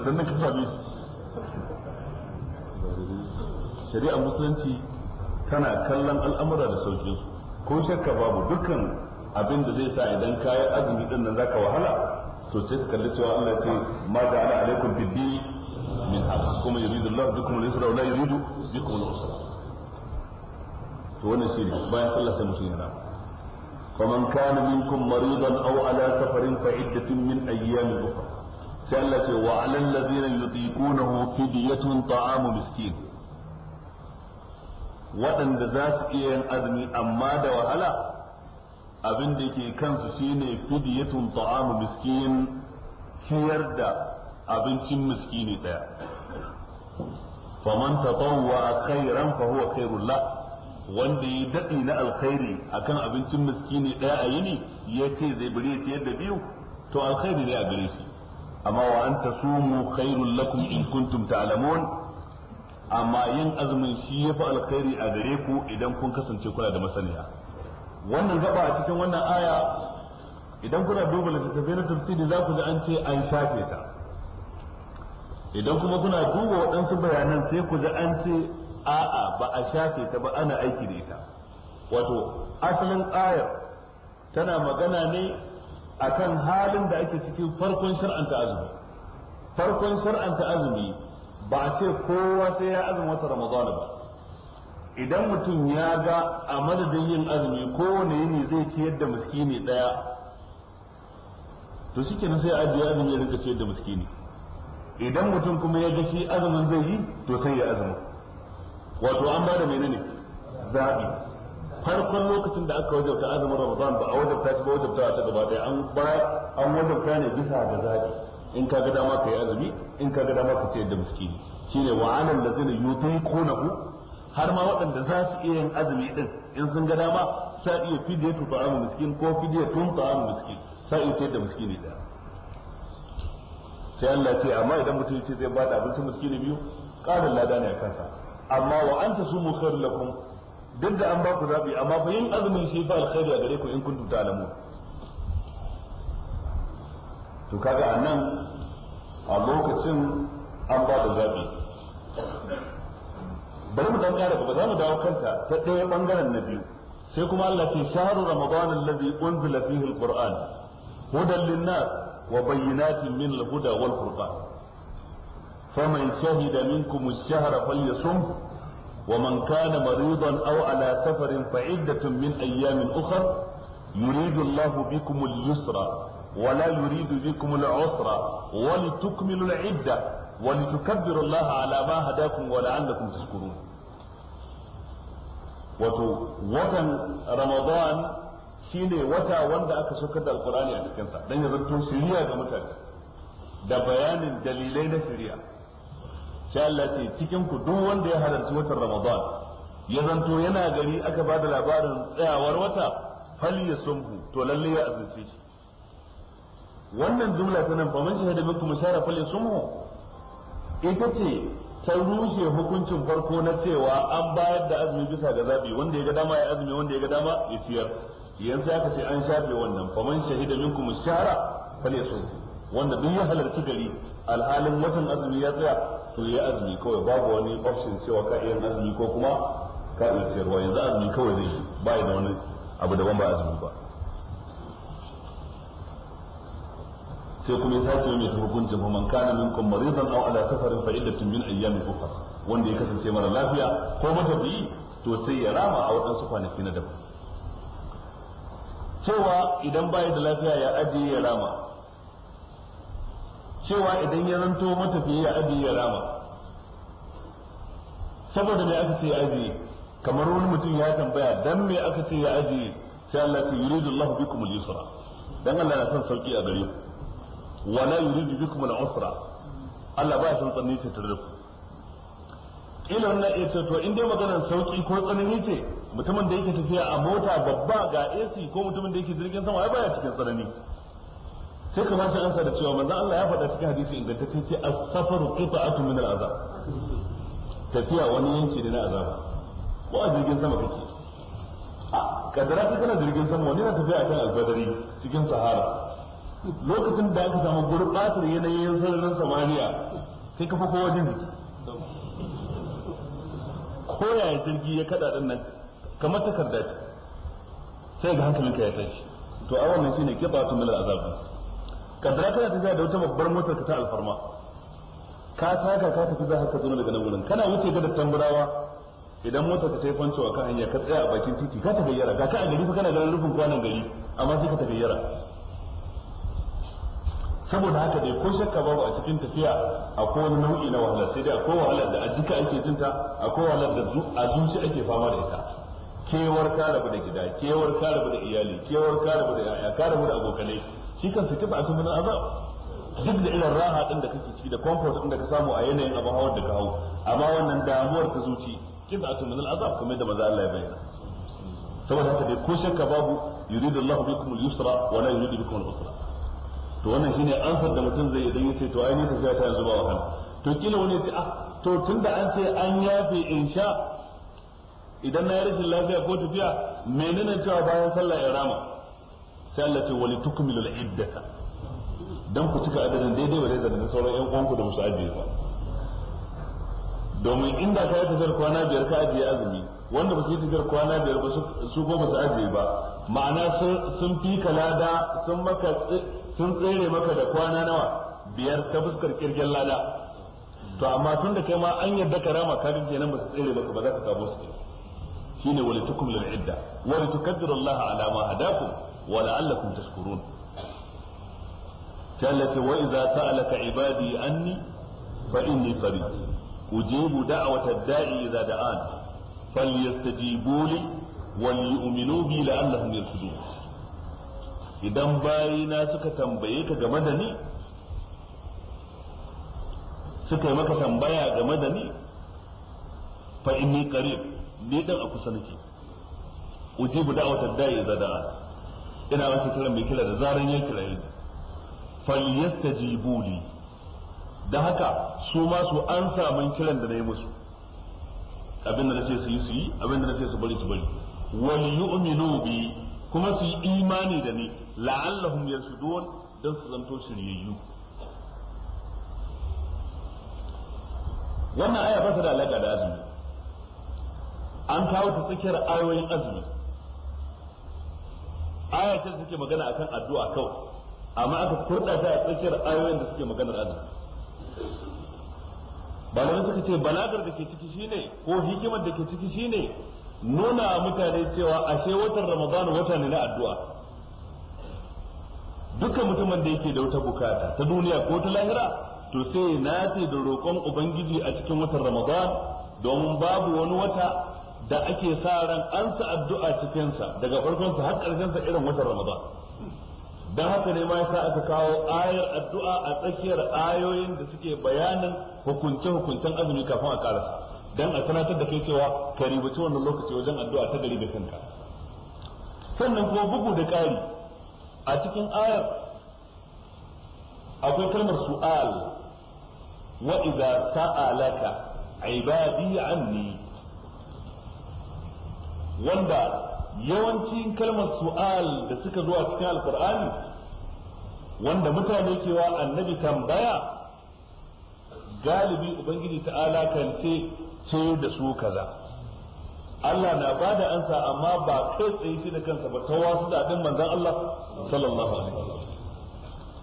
dan nake sami shari'a musulunci tana kallon al'amura da sauƙi ko shakka babu dukkan abin da zai sa idan kayan azumi din nan zaka wahala to sai ka kalli cewa Allah ya ce ma da ala alaikum bidi min haqq kuma yuridu Allah wani al-yusra wa la yuridu kuma na usra to wannan shine bayan Allah sai mutum yana فمن كان منكم مريضا أو على سفر فعدة من أيام أخرى سألت وعلى الذين يطيقونه فدية طعام مسكين waɗanda za su iya yin azumi amma da wahala abin da ke kansu shine fidiyatun ta'amu miskin ciyar da abincin miskini ɗaya faman tatawwa khairan fa huwa khairul lahu wanda ya daɗi na alkhairi akan abincin miskini ɗaya a yini ya ce zai bari ya ciyar da biyu to alkhairi ne a gare shi amma wa an mu khairul lakum in kuntum ta'lamun amma yin azumin shi yafi alkhairi a gare ku idan kun kasance kuna da masaniya wannan gaba a cikin wannan aya idan kuna duba littattafai na tafsiri za ku ji an ce an shafe ta idan kuma kuna duba waɗansu bayanan sai ku ji an ce a'a ba a shafe ta ba ana aiki da ita wato asalin ayar tana magana ne akan halin da ake cikin farkon shar'anta azumi farkon shar'anta azumi ba a ce kowa sai ya azumi wata ramadana ba idan mutum ya ga a madadin yin azumi kowane yini zai ciyar yadda miskini daya to shike sai a ajiye azumi ya rinka ciyar yadda miskini idan mutum kuma ya ga shi azumin zai yi to sai ya azumi wato an bada menene zabi farkon lokacin da aka wajabta azumin ramadan ba a wajabta shi ba wajabta ta gaba dai an ba an wajabta ne bisa ga zabi in ka ga dama ka yi azumi in ka ga dama ka ce da miskini shine wa alal ladzina yutiqunahu har ma waɗanda za su iya yin azumi din in sun ga dama sa iya fidiyatu ta'amu miskin ko fidiyatun ta'amu miskin sa iya ce da miskini da sai Allah ce amma idan mutum ce zai bada abincin miskini biyu ƙarin lada ne a kansa amma wa anta sumu khairul lakum duk da an ba ku zabi amma fa yin azumin shi fa alkhairi a gare ku in kuntum ta'lamun to kaga anan a lokacin an ba da zabi bari mu dan kara ba za mu dawo kanta ta ɗaya bangaren na biyu sai kuma Allah ce shahru ramadan allazi unzila fihi alquran hudan linnas wa bayyinatin min alhuda wal furqan فمن شهد منكم الشهر فليصم ومن كان مريضا أو على سفر فعدة من أيام أخر يريد الله بكم اليسر ولا يريد بكم العسر ولتكملوا العدة ولتكبروا الله على ما هداكم ولعلكم تشكرون wato watan ramadan shine wata wanda aka saukar da alkurani a cikinsa don ya zanto shiriya ga mutane da bayanin dalilai na shiriya sai Allah ce cikin ku duk wanda ya halarci watan Ramadan ya zanto yana gari aka ba da labarin tsayawar wata fal ya sumhu to lalle ya azance shi wannan jumla ta nan faman shahada minkum shara fal ya sumhu ita ce ta rushe hukuncin farko na cewa an bayar da azumi bisa ga zabi wanda ya ga dama ya azumi wanda ya ga dama ya ciyar yanzu aka ce an shafe wannan faman shahida minkum shahara fal ya sumhu wanda duk ya halarci gari alhalin watan azumi ya tsaya to yi azumi kawai babu wani option cewa ka iya azumi ko kuma ka iya ciyarwa yanzu azumi kawai zai yi ba da wani abu daban ba azumi ba sai kuma ya sake mai hukuncin fa man kana minkum maridan aw ala safarin fa iddatun min ayyamin ukhra wanda ya kasance mara lafiya ko matafiyi to sai ya rama a waɗansu kwanaki na daban cewa idan baya da lafiya ya ajiye ya rama cewa idan ya zanto matafiya ya ajiye ya rama saboda me aka ce ya ajiye kamar wani mutum ya tambaya dan me aka ce ya ajiye sai Allah ya yuridu Allah bikum al-yusra dan Allah na son sauki a gare ku wala yuridu bikum al-usra Allah ba ya son tsanani ce tare da ku ila wannan ya ce to inda maganar sauki ko tsanani ce mutumin da yake tafiya a mota babba ga AC ko mutumin da yake jirgin sama ai baya cikin tsanani sai ka ba shi ansa da cewa manzon Allah ya faɗa cikin hadisi ingantacce ce a safaru qita'atu min al-azab tafiya wani yanki ne na azab. ko a jirgin sama kake a kadara ta kana jirgin sama wani na tafiya a akan albadari cikin sahara lokacin da aka samu gurbatar yanayin sararin samaniya sai ka fako wajen jiki ko ya jirgi ya kada din nan kamar takarda ce sai ga hankalinka ya tashi to a wannan shine kibatu min al-azab kaddara tana tafiya da wata babbar motar ta alfarma ka taka ka tafi za ka zo daga nan wurin kana wuce ga dattan burawa idan motar ta yi fancewa ka hanya ka tsaya a bakin titi ka tagayyara ga ka a gari fa kana ganin rufin kwanan gari amma sai ka tagayyara saboda haka dai ko shakka babu a cikin tafiya akwai wani nau'i na wahala sai dai akwai wahalar da a jika ake jinta akwai wahalar da a zuci ake fama da ita kewar ka rabu da gida kewar ka rabu da iyali kewar ka rabu da yaya ka rabu da abokanai shi kan su tafi a cikin azab duk da irin raha din da kake ciki da comfort din da ka samu a yanayin abu hawar da ka hau amma wannan damuwar ta zuci kifa atun min al'azab kuma da maza Allah ya bayyana saboda haka dai ko shakka babu yuridu Allahu bikum al-yusra wa la yuridu bikum al-usra to wannan shine ansar da mutum zai idan yace to ai ne tafiya ta yanzu ba wahala to kila wani ce ah to tunda an ce an yafe insha idan na yi rashin lafiya ko tafiya menene cewa bayan sallah irama rama sai Allah ce wali tukmilu al-iddata dan ku cika adadin daidai wa daidai da sauran ƴan uwanku da musu ajiye ba domin inda ka yi tafiyar kwana biyar ka ajiye azumi wanda ba su yi tafiyar kwana biyar ba su ko ba su ajiye ba ma'ana sun fi kalada sun maka sun tsere maka da kwana nawa biyar ta fuskar kirgin lada to amma tun da kai ma an yadda ka rama ka dinke nan ba su tsere maka ba za ka samu su shine wali tukum lil idda wali tukaddiru Allah ala ma hadakum wa la'allakum tashkurun kallati wa idza sa'alaka ibadi anni fa inni qarib ujibu da'wata da'i idza da'an falyastajibu li wal idan bayina suka tambaye ka game da ni suka yi maka tambaya game da ni fa inni qarib ni dan a kusa nake ujibu da'watad da'i idza da'a ina wata kiran mai kira da zaran ya kira yi falyasta jibuli da haka su ma su an samu kiran da na yi musu abinda na ce su yi su yi abinda na ce su bari su bari yi yu'minu bi kuma su yi imani da ni la'allahum yarshudun don su zanto shiryayyu wannan aya ba ta da alaƙa da azumi an kawo ta tsakiyar ayoyin azumi aya ce suke magana akan addu'a kawai amma aka kurda ta a tsakiyar ayoyin da suke maganar azumi malamai suka ce balagar da ke ciki shine ko hikimar da ke ciki shine nuna mutane cewa ashe watan ramadan wata ne na addu'a dukkan mutumin da yake da wata bukata ta duniya ko ta lahira to sai na ce da roƙon ubangiji a cikin watan ramadan domin babu wani wata da ake sa ran an sa addu'a cikin sa daga farkon sa har karshen sa irin watan Ramadan dan haka ne ma yasa aka kawo ayar addu'a a tsakiyar ayoyin da suke bayanin hukunce hukuncen azumi kafin a karasa dan a sanatar da kai cewa ka wannan lokaci wajen addu'a ta gari da kanka sannan kuma bugu da kari a cikin ayar akwai kalmar su'al wa idza sa'alaka ibadi anni wanda yawancin kalmar su'al da suka zuwa cikin alkur'ani wanda mutane cewa annabi tambaya galibi ubangiji ta'ala kan ce ce da su kaza Allah na ba da ansa amma ba kai tsaye shi da kansa ba ta wasu da abin manzan Allah sallallahu alaihi wasallam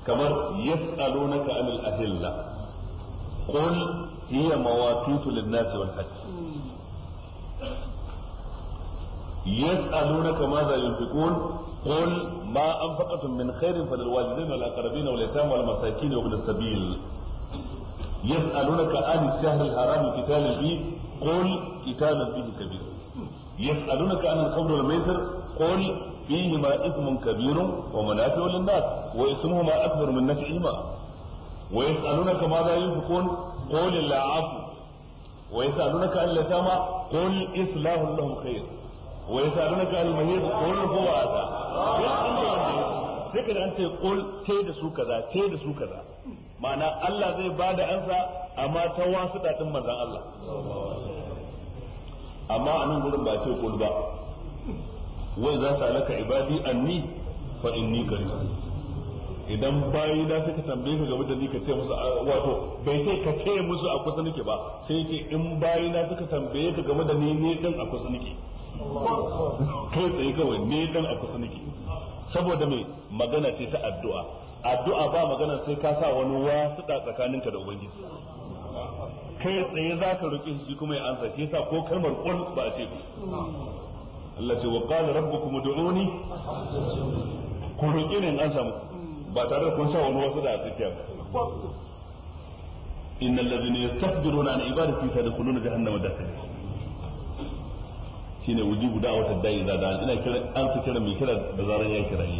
kamar yas'alunaka anil ahilla qul hiya mawaqitu lin-nasi wal-hajj yas'alunaka madha yunfiqun qul ma anfaqtum min khairin falil walidayn wal aqrabin wal yatama wal masakin wa ibn sabil yas'alunaka an ash-shahr al-haram qitalun fi qul qitalun فيهما إثم كبير ومنافع للناس وإثمهما أكبر من نفعهما ويسألونك ماذا ينفقون قل العفو ويسألونك عن اليتامى قل إصلاح لهم خير wa yasalunaka al mahid qul huwa adha sai ka an ce kul ce da su kaza ce da su kaza ma'ana Allah zai bada ansa amma ta wasu dadin manzon Allah amma a nan gurin ba ce kul ba wai za su alaka ibadi anni fa inni qarib idan bayi na suka tambaye ka game da ni ka ce musu wato bai sai ka ce musu a kusa nake ba sai ce in bayi na suka tambaye ka game da ni ne din a kusa nake kai tsaye kawai ne dan a kusa nake saboda me magana ce ta addu'a addu'a ba magana sai ka sa wani wasu da tsakaninka da ubangiji kai tsaye za ka roƙi shi kuma ya ansa shi yasa ko kalmar qul ba a ce Allah ce wa qala rabbukum ud'uni ku roƙi ne an samu ba tare da kun sa wani wasu da tsakiya ba innal ladina yastakbiruna an ibadati sadkhuluna jahannama dakhilin shine wujubu wata da'i za da ina kira an su kira mai kira da zaran ya kira ne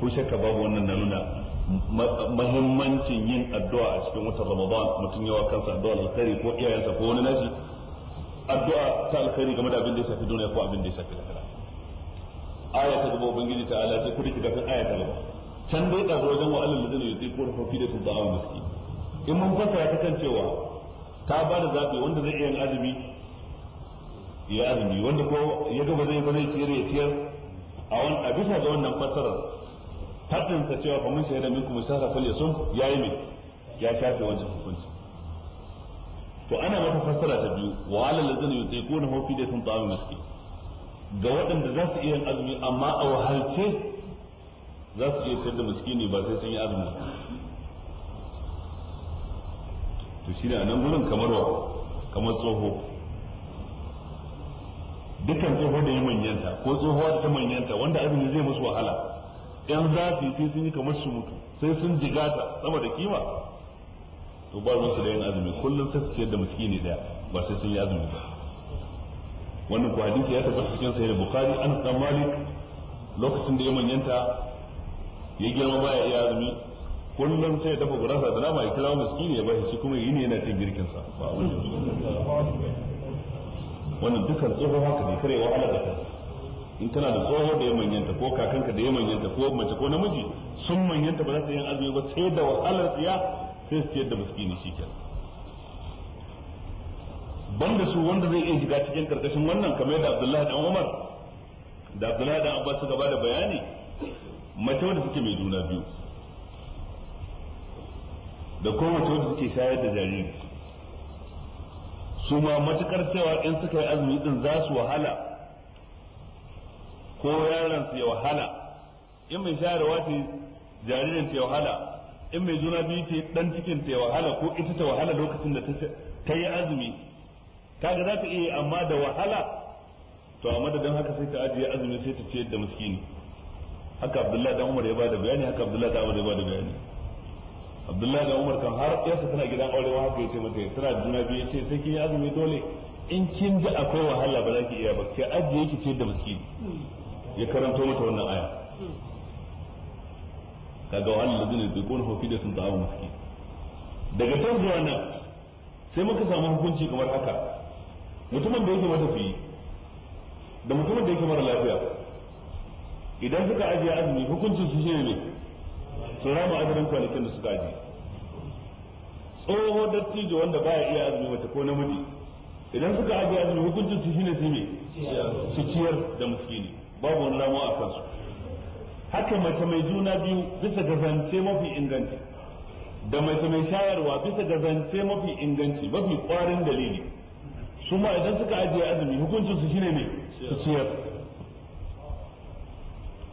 ko shakka babu wannan na nuna mahimmancin yin addu'a a cikin watan Ramadan mutum yawa kansa addu'a alkhairi ko iyayensa ko wani nashi addu'a ta alkhairi game da abin da ya shafi duniya ko abin da ya shafi lahira aya ta gaba ubangiji ta ala sai kudi kafin aya ta gaba can dai da wajen wa Allah ladina yuziku rufi da su da'awu miski in mun fasa ta kan cewa ta ba da zabi wanda zai iya yin azumi ya azumi wanda ko ya gaba zai ba zai ya tiyar a wani a bisa ga wannan fassarar haɗin sa cewa fa mun shahida minkum ya fal yasum yi mai ya shafe wancan hukunci to ana mata fassara ta biyu wa alal ladzina yutiquna hu fi daysin ta'am miskin ga waɗanda za su iya yin azumi amma a wahalce za su iya fitar da miskini ba sai sun yi azumi to ne a nan gurin kamar wa kamar tsoho dukkan tsoho da ya manyanta ko tsohuwa da ta manyanta wanda abin zai musu wahala yan za su yi sai sun yi kamar su mutu sai sun jigata sama da kima to ba ruwansu da yin azumi kullum sai su ciyar da miskini daya ba sai sun yi azumi ba wannan ko hadisi ya tabbata cikin sahih bukhari an dan malik lokacin da ya manyanta ya girma baya iya azumi kullum sai ya dafa gurasa da nama ya kira miskini ya bashi shi kuma yi ne yana cin girkin sa ba wani wannan dukkan tsohon haka ne kare wahala da ta in tana da tsoho da ya manyanta ko kakanka da ya manyanta ko mace ko namiji sun manyanta ba za su yi azumi ba sai da wahalar tsiya sai su ciyar da miskini shi kenan banda su wanda zai iya shiga cikin karkashin wannan kamar yadda Abdullahi dan Umar da Abdullahi dan Abbas suka bada bayani mace wanda suke mai juna biyu da kuma mace wanda suke shayar da jariri su ma matukar cewa in suka yi azumi din za su wahala ko yaron su ya wahala in mai shayarwa ce jaririn ta ya wahala in mai juna biyu ce dan cikin ta ya wahala ko ita ta wahala lokacin da ta yi azumi kaga za ta iya amma da wahala to a madadin haka sai ta ajiye azumi sai ta ciyar da miskini haka abdullahi dan umar ya bada bayani haka abdullahi dan umar ya bada bayani abdullahi da umar kan har yasa tana gidan aure ma haka yace mata tana juna biyu yace sai kin yi azumi dole in kin ji akwai wahala ba za ki iya ba ki ajiye ki ce da miskini ya karanto mata wannan aya kaga wa Allah ladina ko hu fi sun ta'awu miskin daga can zuwa nan sai muka samu hukunci kamar haka mutumin da yake matafiyi da mutumin da yake mara lafiya idan suka ajiye azumi hukuncin su shine ne su rama azumin kwanakin da suka aji tsoho dattijo wanda baya iya azumi wata ko namiji idan suka aji azumi hukuncin su shine su me su ciyar da miskini babu wani ramu a kansu haka mace mai juna biyu bisa ga zance mafi inganci da mace mai shayarwa bisa ga zance mafi inganci mafi kwarin dalili su ma idan suka ajiye azumi hukuncin su shine ne su ciyar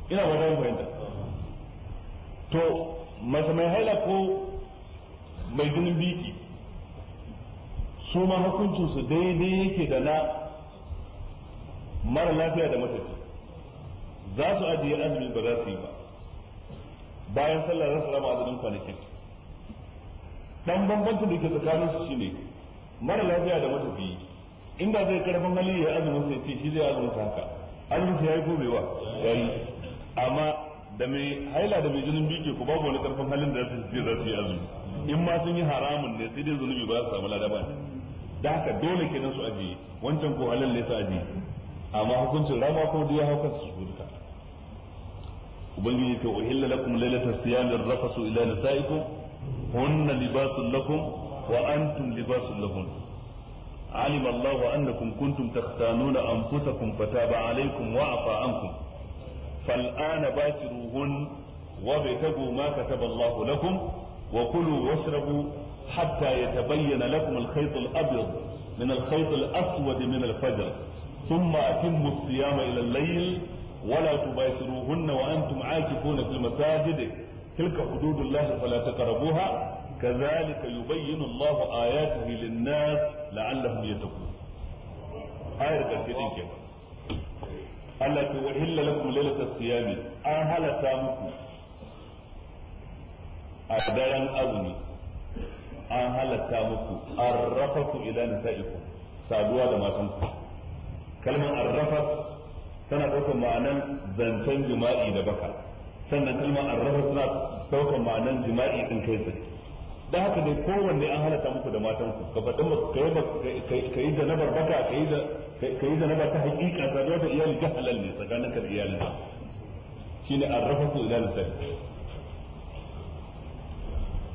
ina ba da fahimta to mace mai haila ko mai jinin biki su ma hukuncin daidai yake da na mara lafiya da matafi za su ajiye azumi ba za su yi ba bayan sallah za su rama azumin kwanakin dan bambancin da ke tsakanin su shine mara lafiya da matafi inda zai karfin hali ya azumin sai ce shi zai azumin haka azumin sai ya yi gobewa amma da mai haila da mai jinin biki ku babu wani karfin halin da su ce za su yi azumi in ma sun yi haramun ne sai dai zunubi ba su samu ladaba da haka dole kenan su ajiye wancan ko halal ne su ajiye amma hukuncin rama ko da ya hauka su shurta ubangiji ta uhilla lakum lailatal siyam rafasu ila nisaikum hunna libasun lakum wa antum libasun lahun علم الله أنكم كنتم تختانون أنفسكم فتاب عليكم وعفى عنكم fal'ana bashiruhun wa bitagu ka kataba Allahu lakum wa kulu washrabu hatta yatabayyana lakum al-khayt al-abyad min al-khayt al-aswad min al-fajr thumma atimmu as-siyama ila al-layl ولا تباشروهن وأنتم عاكفون في المساجد تلك حدود الله فلا تقربوها كذلك يبين الله آياته للناس لعلهم يتقون آية كثيرة Allah ce lakum laylat as siyami an halata muku a daren azumi an halata muku arrafatu ila nisaikum saduwa da matan ku kalmar arrafat tana daukar ma'anan zancen jima'i da baka sannan kalmar arrafat tana daukar ma'anan jima'i din kai tsaye da haka dai kowanne an halatta muku da matanku ka faɗin ka yi janabar baka ka yi janabar ta hakika saduwa da iyali ga halal ne tsakanin ka da iyalin ka shine arrafa su ila nasai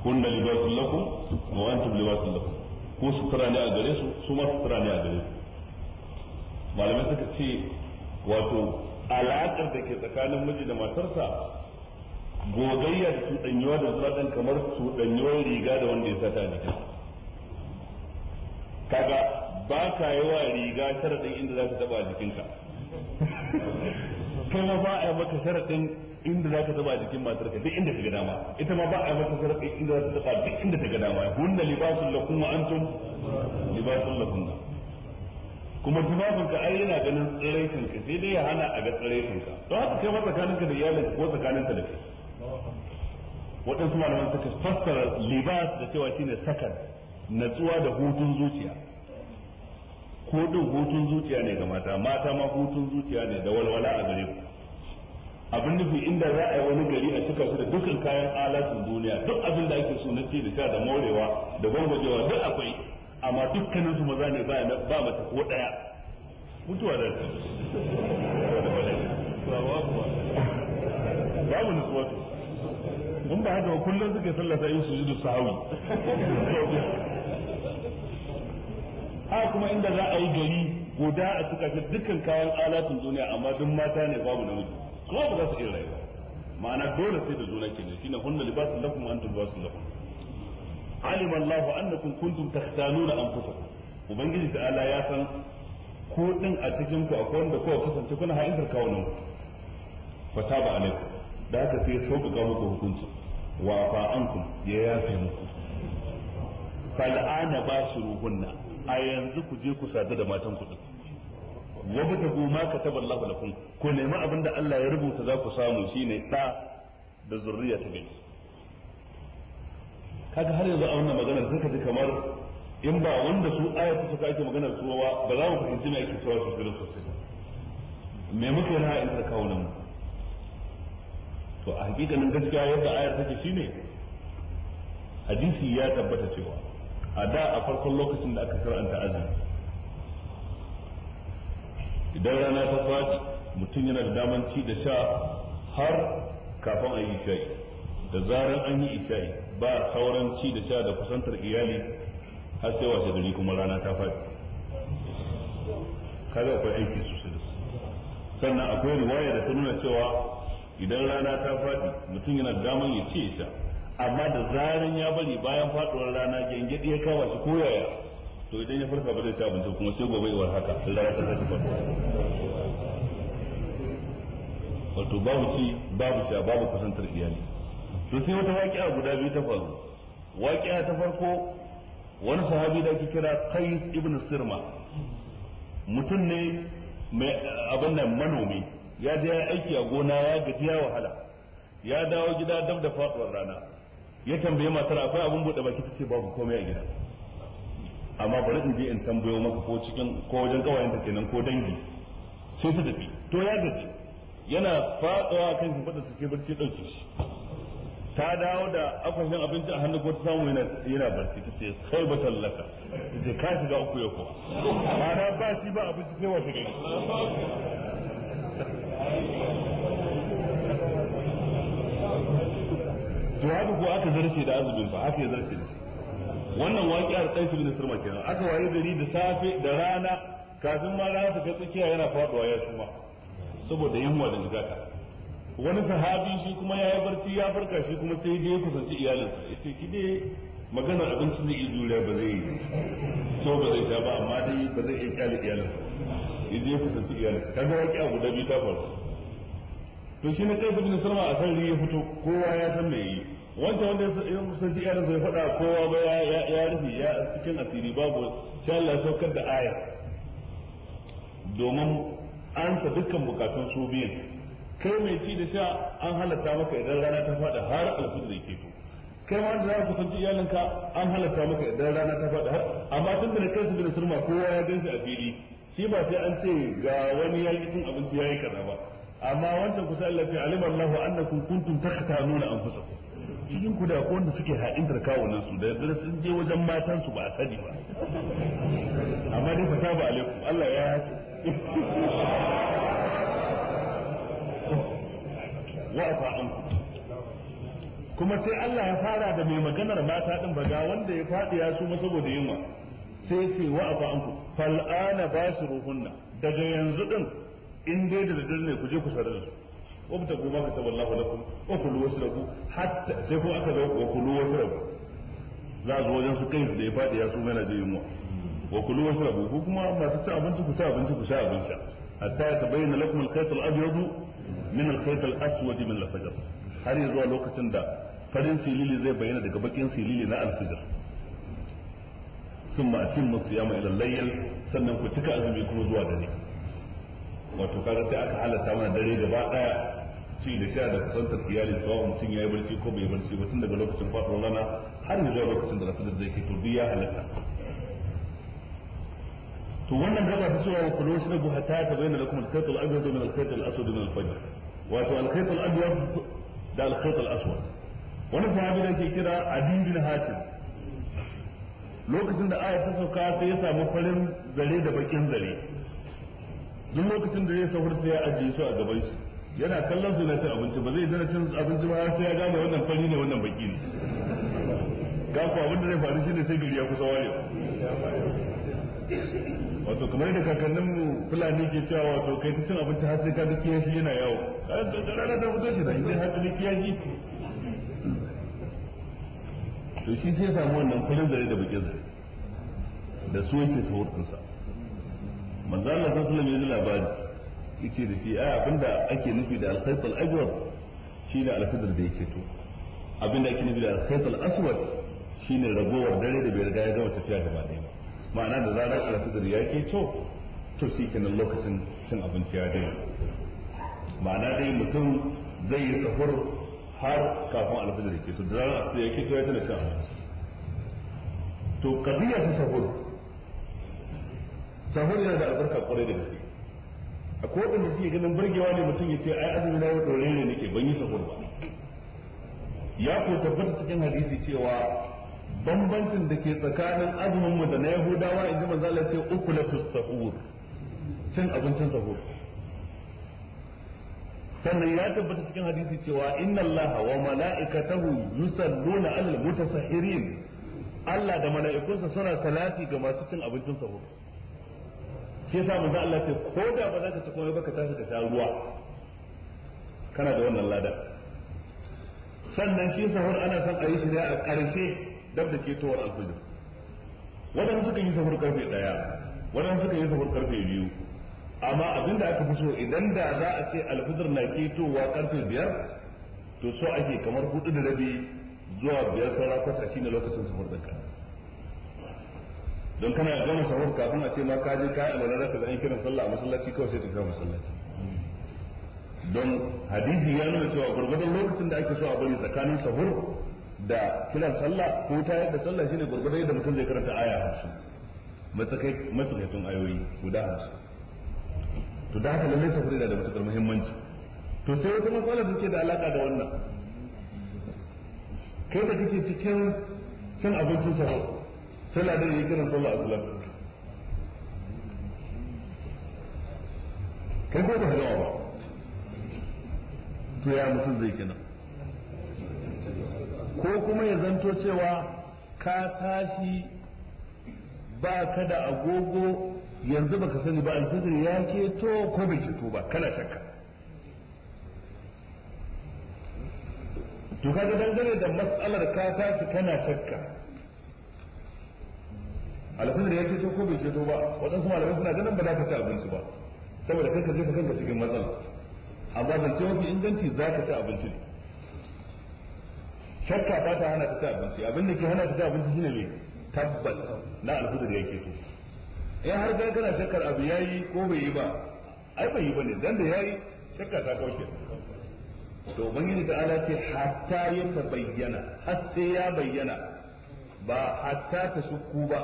kunna libasun lakum wa antum libasun lakum ko sutura ne a gare su su ma sutura ne a gare su malamai suka ce wato alaƙar da ke tsakanin miji da matarsa gogayya da cuɗanyewa da zuwa ɗan kamar cuɗanyewar riga da wanda ya sata ne kaga ba ka yi wa riga sharaɗin inda za ka taɓa a jikinka kai ma ba a yi maka sharaɗin inda za ka taɓa a jikin matarka duk inda ta ga dama ita ma ba a yi maka sharaɗin inda za ka taɓa duk inda ta ga dama hunna libasun lakun wa antum libasun lakum kuma tufafin ka ai yana ganin tsiraitin ka sai dai ya hana a ga tsiraitin ka don haka kai ma tsakaninka da iyalin ko tsakaninka da kai waɗansu malaman suka fassara libas da cewa shine sakan natsuwa da hutun zuciya ko din hutun zuciya ne ga mata mata ma hutun zuciya ne da walwala a gare ku abin nufi inda za a yi wani gari a cika su da dukkan kayan alatun duniya duk abin da ake so na ce da sha da morewa da gwangwajewa duk akwai amma dukkanin su maza ne ba mata ko ɗaya. mutuwa da babu nutsuwa in ba haka kullum suke sallah sai yin sujudu sahawi a kuma inda za a yi gari guda a suka fi dukkan kayan alatun duniya amma duk mata ne babu namiji kuma ba za su iya rayuwa ma'ana dole sai da juna kenan shine hunna libasun lakum wa antum libasun lakum alima Allah annakum kuntum takhtanuna anfusakum ubangiji ta'ala ya san ko din a cikin ku akwai wanda kowa kasance kuna ha'intar kawo nan fa taba alaikum da haka sai ya sauƙaƙa muku hukunci wa fa ankum ya yafe muku ba su basuruhunna a yanzu ku je ku sadu da matan ku wa butagu ma kataballahu lakum ku nemi abin da Allah ya rubuta za ku samu shine da da zurriya ta gani kaga har yanzu a wannan maganar ka ji kamar in ba wanda su ayatu suka ake maganar su ba za mu fahimci me ake cewa sosai da sosai me muke na in ta kawo mu to a hakikanin gaskiya yadda ayar take shine hadisi ya tabbata cewa a da a farkon lokacin da aka karanta azumi idan rana ta faɗi mutum yana da daman ci da sha har kafin a yi shayi da zarar an yi isha'i ba sauran ci da sha da kusantar iyali har sai washe gari kuma rana ta faɗi kada akwai aiki sosai sannan akwai riwaya da ta nuna cewa idan rana ta faɗi mutum yana daman ya ce sha amma da zarin ya bari bayan faɗuwar rana gengedi ya kawo shi ko yaya to idan ya farka ba zai ta abinci kuma sai gobe iwar haka rana ta tafi faɗuwa wato babu ci babu sha babu kusantar iyali to sai wata waƙiya guda biyu ta faru waƙiya ta farko wani sahabi da ake kira Qais ibn Sirma mutum ne mai abin nan manomi ya da ya aiki a gona ya gaji ya wahala ya dawo gida dab da faduwar rana ya tambaye matar akwai abin bude baki tace babu komai a gida amma bari in je in tambayo maka ko cikin ko wajen take kenan ko dangi sai su tafi to ya gaji yana faduwa kan shi fada suke barci dauke shi ta dawo da akwashin abinci a hannu ko ta samu yana yana barci tace kai ba tallaka tace ka shiga uku yau ko ana ba shi ba abinci sai wa gari to ko aka zarce da azumin ba haka zarce da wannan waƙiyar aka waye gari da safe da rana kafin ma rana ta tsakiya yana faɗuwa ya suma saboda yunwa da zaka wani sahabi shi kuma ya yi barci ya farka shi kuma sai dai ya kusanci iyalinsa ya ce ki ne maganar abincin da iya juriya ba zai yi ba zai ta ba amma dai ba zai iya kyale iyalinsa yaje ya kusanci iyalin kaga waki abu da bi ta faru to shi na kai ibn salma a sarri ya fito kowa ya san me yi wanda wanda ya kusanci iyalin sai faɗa kowa ba ya ya rufe ya cikin asiri babu insha Allah saukar da aya domin an sa dukkan bukatun su biyan kai mai ci da sha an halatta maka idan rana ta faɗa har alfujir ke to kai ma da za ku kusanci iyalinka an halatta maka idan rana ta faɗa har amma tun da kai su da surma kowa ya ganshi a fili shi ba sai an ce ga wani ya yi cin abinci ya yi kaza ba amma wancan kusa Allah ce alim Allahu annakum kuntum kusa, anfusakum cikin ku da wanda suke haɗin kawunan su da dare sun je wajen matan su ba a sani ba amma dai fata ba alaikum Allah ya yace wa afa ankum kuma sai Allah ya fara da mai maganar mata din ba ga wanda ya faɗi ya su saboda yunwa sai ce wa abu anku fal ana basiruhunna daga yanzu din in dai da daddare ne ku je ku sarar su wabtagu ma kataballahu lakum wa kulu wasrabu hatta sai ko aka zo wa kulu wasrabu za a zo wajen su kai da ya faɗi ya su yana da yunwa wa kulu wasrabu ku kuma masu ci abinci ku ci abinci ku sha abinci hatta ya tabayyana lakum al-khayt al min al-khayt al min al Har har zuwa lokacin da farin silili zai bayyana daga bakin silili na alfajar. sun ma'atin musu ya ma'ilal sannan ku cika azumi kuma zuwa dare wato kaga aka halatta mana dare gaba daya ci da sha da kusantar iyali tsawon mutum ya yi barci ko bai barci ba tun daga lokacin har da rasulun zai ke turbi ya to wannan gaba ta cewa wa kullu shrabu hatta tabayyana lakum al-khayt al-abyad min al-khayt al-aswad min al-fajr wato al-khayt al-abyad da al-khayt al-aswad wani sahabi da ke kira adin bin hatim lokacin da aya ta sauka sai ya samu farin zare da bakin zare duk lokacin da zai sahur sai ya ajiye su a gaban shi yana kallon su na cin abinci ba zai zana cin abinci ba sai ya gane wannan fari ne wannan baki ne ga ku abin da zai faru shi ne sai gari ya kusa wayewa wato kamar yadda kakannin mu fulani ke cewa wato kai ta cin abinci har sai ka ga kiyashi yana yawo ranar da fito shi da har ta ga kiyashi to shi sai samu wannan farin zare da bakin zare da su yake sahur kansa manzo Allah sallallahu alaihi wasallam labari yace da shi a abinda ake nufi da al-khayt ajwar shine al-fadl da yake to abinda ake nufi da al-khayt aswad shine ragowar dare da bai riga ya gama tafiya gaba ɗaya ba ma'ana da zarar al-fadl ya ke to to shi kenan lokacin cin abinci ya daina ma'ana dai mutum zai yi sahur har kafin alfajir ke to da ranar ya ke to ya tana sha to kadiya ta sahur sahur yana da albarka kwarai da gaske a kowane da suke ganin burgewa ne mutum ya ce ai azumi na yau dore ne nake ban yi sahur ba ya ko tabbata cikin hadisi cewa bambancin da ke tsakanin azumin mu da na yahudawa inda manzo Allah ya ce ukulatus sahur cin abincin sahur sannan ya tabbata cikin hadisi cewa inna allaha wa mala'ikatahu yusalluna 'alal mutasahhirin Allah da mala'ikunsa suna salati ga masu cin abincin sahur shi yasa manzo Allah ce ko da ba za ka ci komai ba ka tashi ka sha ruwa kana da wannan ladan sannan shi sahur ana son a yi shi a ƙarshe dab da ketowar alfajir wadanda suka yi sahur karfe ɗaya wadanda suka yi sahur karfe biyu amma abin da aka fi so idan da za a ce alfijir na ketowa karfe biyar to so ake kamar hudu da rabi zuwa biyar saura kwata shi ne lokacin samar da ka don kana gama sahur kafin a ce ma ka je ka yi da ka zan kiran sallah a masallaci kawai sai ka kira masallaci don hadisi ya nuna cewa gurgurdan lokacin da ake so a bari tsakanin sahur da kiran sallah ko ta yadda sallah shine gurgurdan yadda mutum zai karanta aya 50 matsakaitun ayoyi guda hamsin to da haka lallai safari da matukar muhimmanci to sai wata matsala da ke da alaka da wannan kai da kake cikin cin abincin sa sai da yi kiran sallah asulam kai ko ba ka ba to ya mutum zai kina ko kuma ya zanto cewa ka tashi ba ka da agogo yanzu baka sani ba alfijir ya keto ko bai keto ba kana shakka to kaga dangane da mas'alar ka tashi kana shakka alfijir ya keto ko bai keto ba waɗansu malamai suna ganin ba za ka ci abinci ba saboda kanka jefa kanka cikin matsala amma zance mafi inganci za ka ci abinci ne shakka ba ta hana ta ci abinci abin da ke hana ta ci abinci shine ne tabbas na alfijir ya keto in eh, har ga kana shakkar abu yi ko bai yi ba ai bai yi ba ne, dan da ya yi shakka ta kauce to ubangiji da ala ce hatta ya ta har sai ya bayyana ba hatta ta shukku ba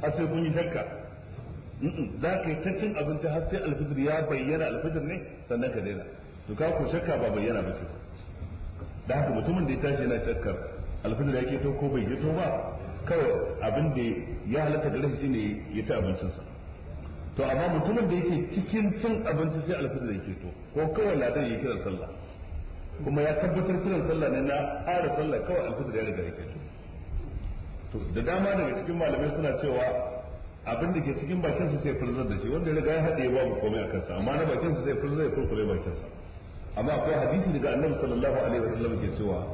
har sai kun yi shakka za ka yi cin abinci har sai alfijir ya bayyana alfijir ne sannan ka daina to ka ku shakka ba bayyana ba ce da haka mutumin da ya tashi yana shakkar alfijir ya ke to ko bai yi to ba kawai abin da ya halatta da rashi ne ya ci abincinsa to amma mutumin da yake cikin cin abinci sai alfajir da yake to ko kawai ladan ya kiran sallah kuma ya tabbatar kiran sallah ne na ƙara sallah kawai alfajir ya riga yake to to da dama daga cikin malamai suna cewa abin da ke cikin bakin su sai furzar da shi wanda ya riga ya haɗe babu komai a kansa amma na bakin su sai furzar ya furkure bakin sa amma akwai hadisi daga annabi sallallahu alaihi wasallam ke cewa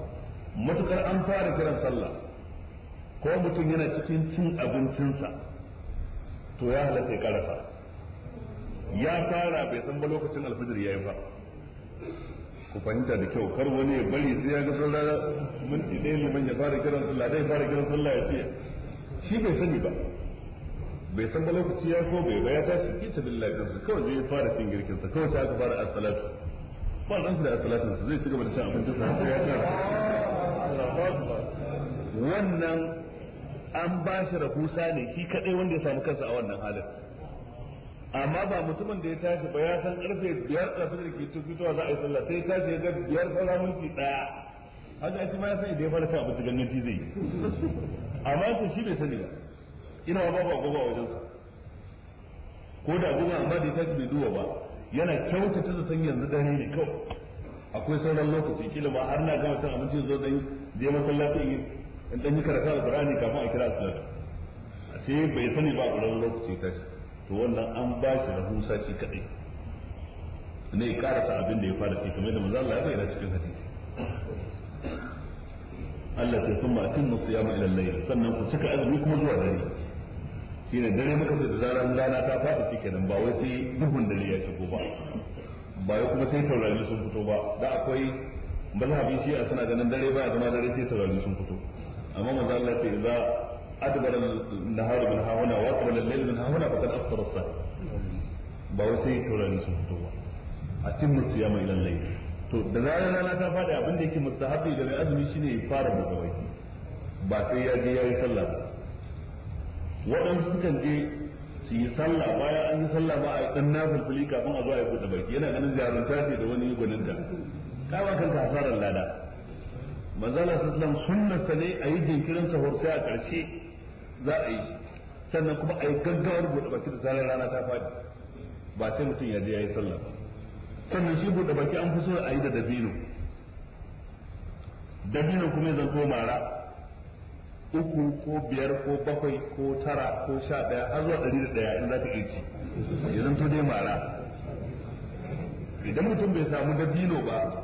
matukar an fara kiran sallah ko mutum yana cikin cin abincinsa to ya halatta ya karasa ya fara bai san ba lokacin alfijir ya yi ba ku fahimta da kyau kar wani ya bari sai ya ga mun minti ɗaya liman ya fara kiran sallah dai fara kiran sallah ya ce shi bai sani ba bai san ba lokaci ya ko bai ba ya tashi kita billahi kansa kawai zai fara cin girkin sa kawai sai aka fara as-salatu ba dan da as-salatu zai ci gaba da cin abincin sai ya tsara wannan an ba shi rahusa ne shi kadai wanda ya samu kansa a wannan halin amma ba mutumin da ya tashi ba ya san karfe biyar da da ke fitowa za a yi sallah sai ya tashi ya ga biyar saura minti daya haka shi ma ya sani da ya fara sa abinci ganganci zai yi amma ko shi bai sani ba ina ba babu agogo a sa ko da agogo amma da ya tashi bai duba ba yana kyautata ta san yanzu dare ne kawai akwai sauran lokaci kila ba har na gama cin abinci zo dan je masallaci in dan yi karatu alqur'ani kafin a kira a ce bai sani ba a lokaci ta to wannan an ba shi rahusa shi kadai ne ya ta abin da ya fara shi kamar da manzo Allah ya bayyana cikin hadisi Allah sai sun ma'atin musu ya ma'ilal layl sannan ku cika azumi kuma zuwa dare shine dare muka ce da zaran rana ta fada shikenan ba wai sai duhun dare ya shigo ba ba ya kuma sai taurari sun fito ba da akwai mazhabi shi a suna ganin dare ba ya zama dare sai taurari sun fito amma Allah ce nahar wa ba wai sai fito ba a timmu to da zarar rana ta abin da yake mustahabi da mai azumi shine ya fara buɗe baki ba sai ya je sallah ba waɗansu sukan je su yi sallah bayan an yi sallah ba a yi ɗan fili kafin a zo a yi buɗe baki yana ganin jarumta ce da wani gwaninta kawa kanka hasarar lada manzala sallam sunnarsa ne a yi jinkirin sahur sai a ƙarshe za a yi sannan kuma a yi gaggawar buɗe baki da zarar rana ta faɗi ba sai mutum ya je ya yi sallah ba sannan shi buɗe baki an fi so a yi da dabino dabino kuma zan zanto mara uku ko biyar ko bakwai ko tara ko sha ɗaya har zuwa ɗari da ɗaya in za ka iya ya ya to dai mara idan mutum bai samu dabino ba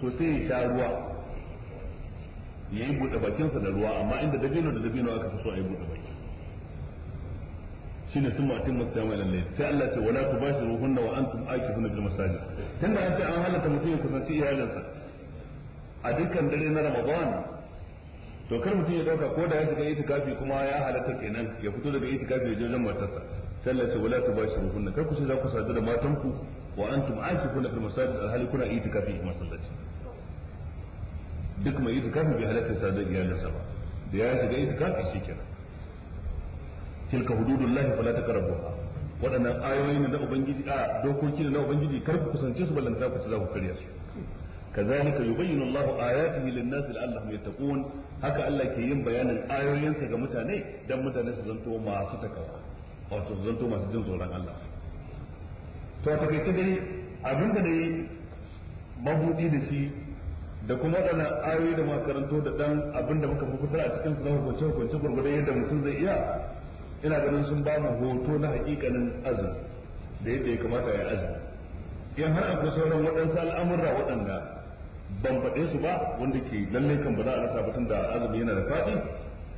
to sai ya sha ruwa ya yi buɗe bakinsa da ruwa amma inda dabino da dabino aka fi so a yi buɗe baki shine sun matin mutta mai lalle sai Allah ce wala tubashiru hunna wa an antum akifuna bil masajid tunda an ce an halatta mutum ya kusanci iyalinsa a dukkan dare na Ramadan to kar mutum ya dauka ko da ya shiga itikafi kuma ya halatta kenan ya fito daga itikafi ya je wajen matarsa sai Allah ce wala tubashiru hunna kar ku ce za ku sadu da matanku wa an antum akifuna bil masajid alhali kuna itikafi a masallaci duk mai itikafi bai halatta sa da iyalinsa ba da ya shiga itikafi shikenan tilka hududullahi fala taqrabuha waɗannan ayoyi na ubangiji a dokoki na ubangiji kar ku kusance su ballanta ku za ku karya su kazalika yubayyinu Allahu ayatihi lin-nas la'allahum yattaqun haka Allah ke yin bayanin ayoyinsa ga mutane dan mutane su zanto masu takawa wato su zanto masu jin tsoron Allah to a takaice dai abinda dai mabudi da shi da kuma waɗannan ayoyi da makarantu da ɗan abin da muka fitar a cikin su na hukunce hukunce gurgurai yadda mutum zai iya ina ganin sun ba mu hoto na hakikanin azumi da yadda ya kamata ya azumi Yan har akwai sauran waɗansu al'amurra waɗanda ban faɗe su ba wanda ke lallai kan ba za a rasa batun da azumi yana da faɗi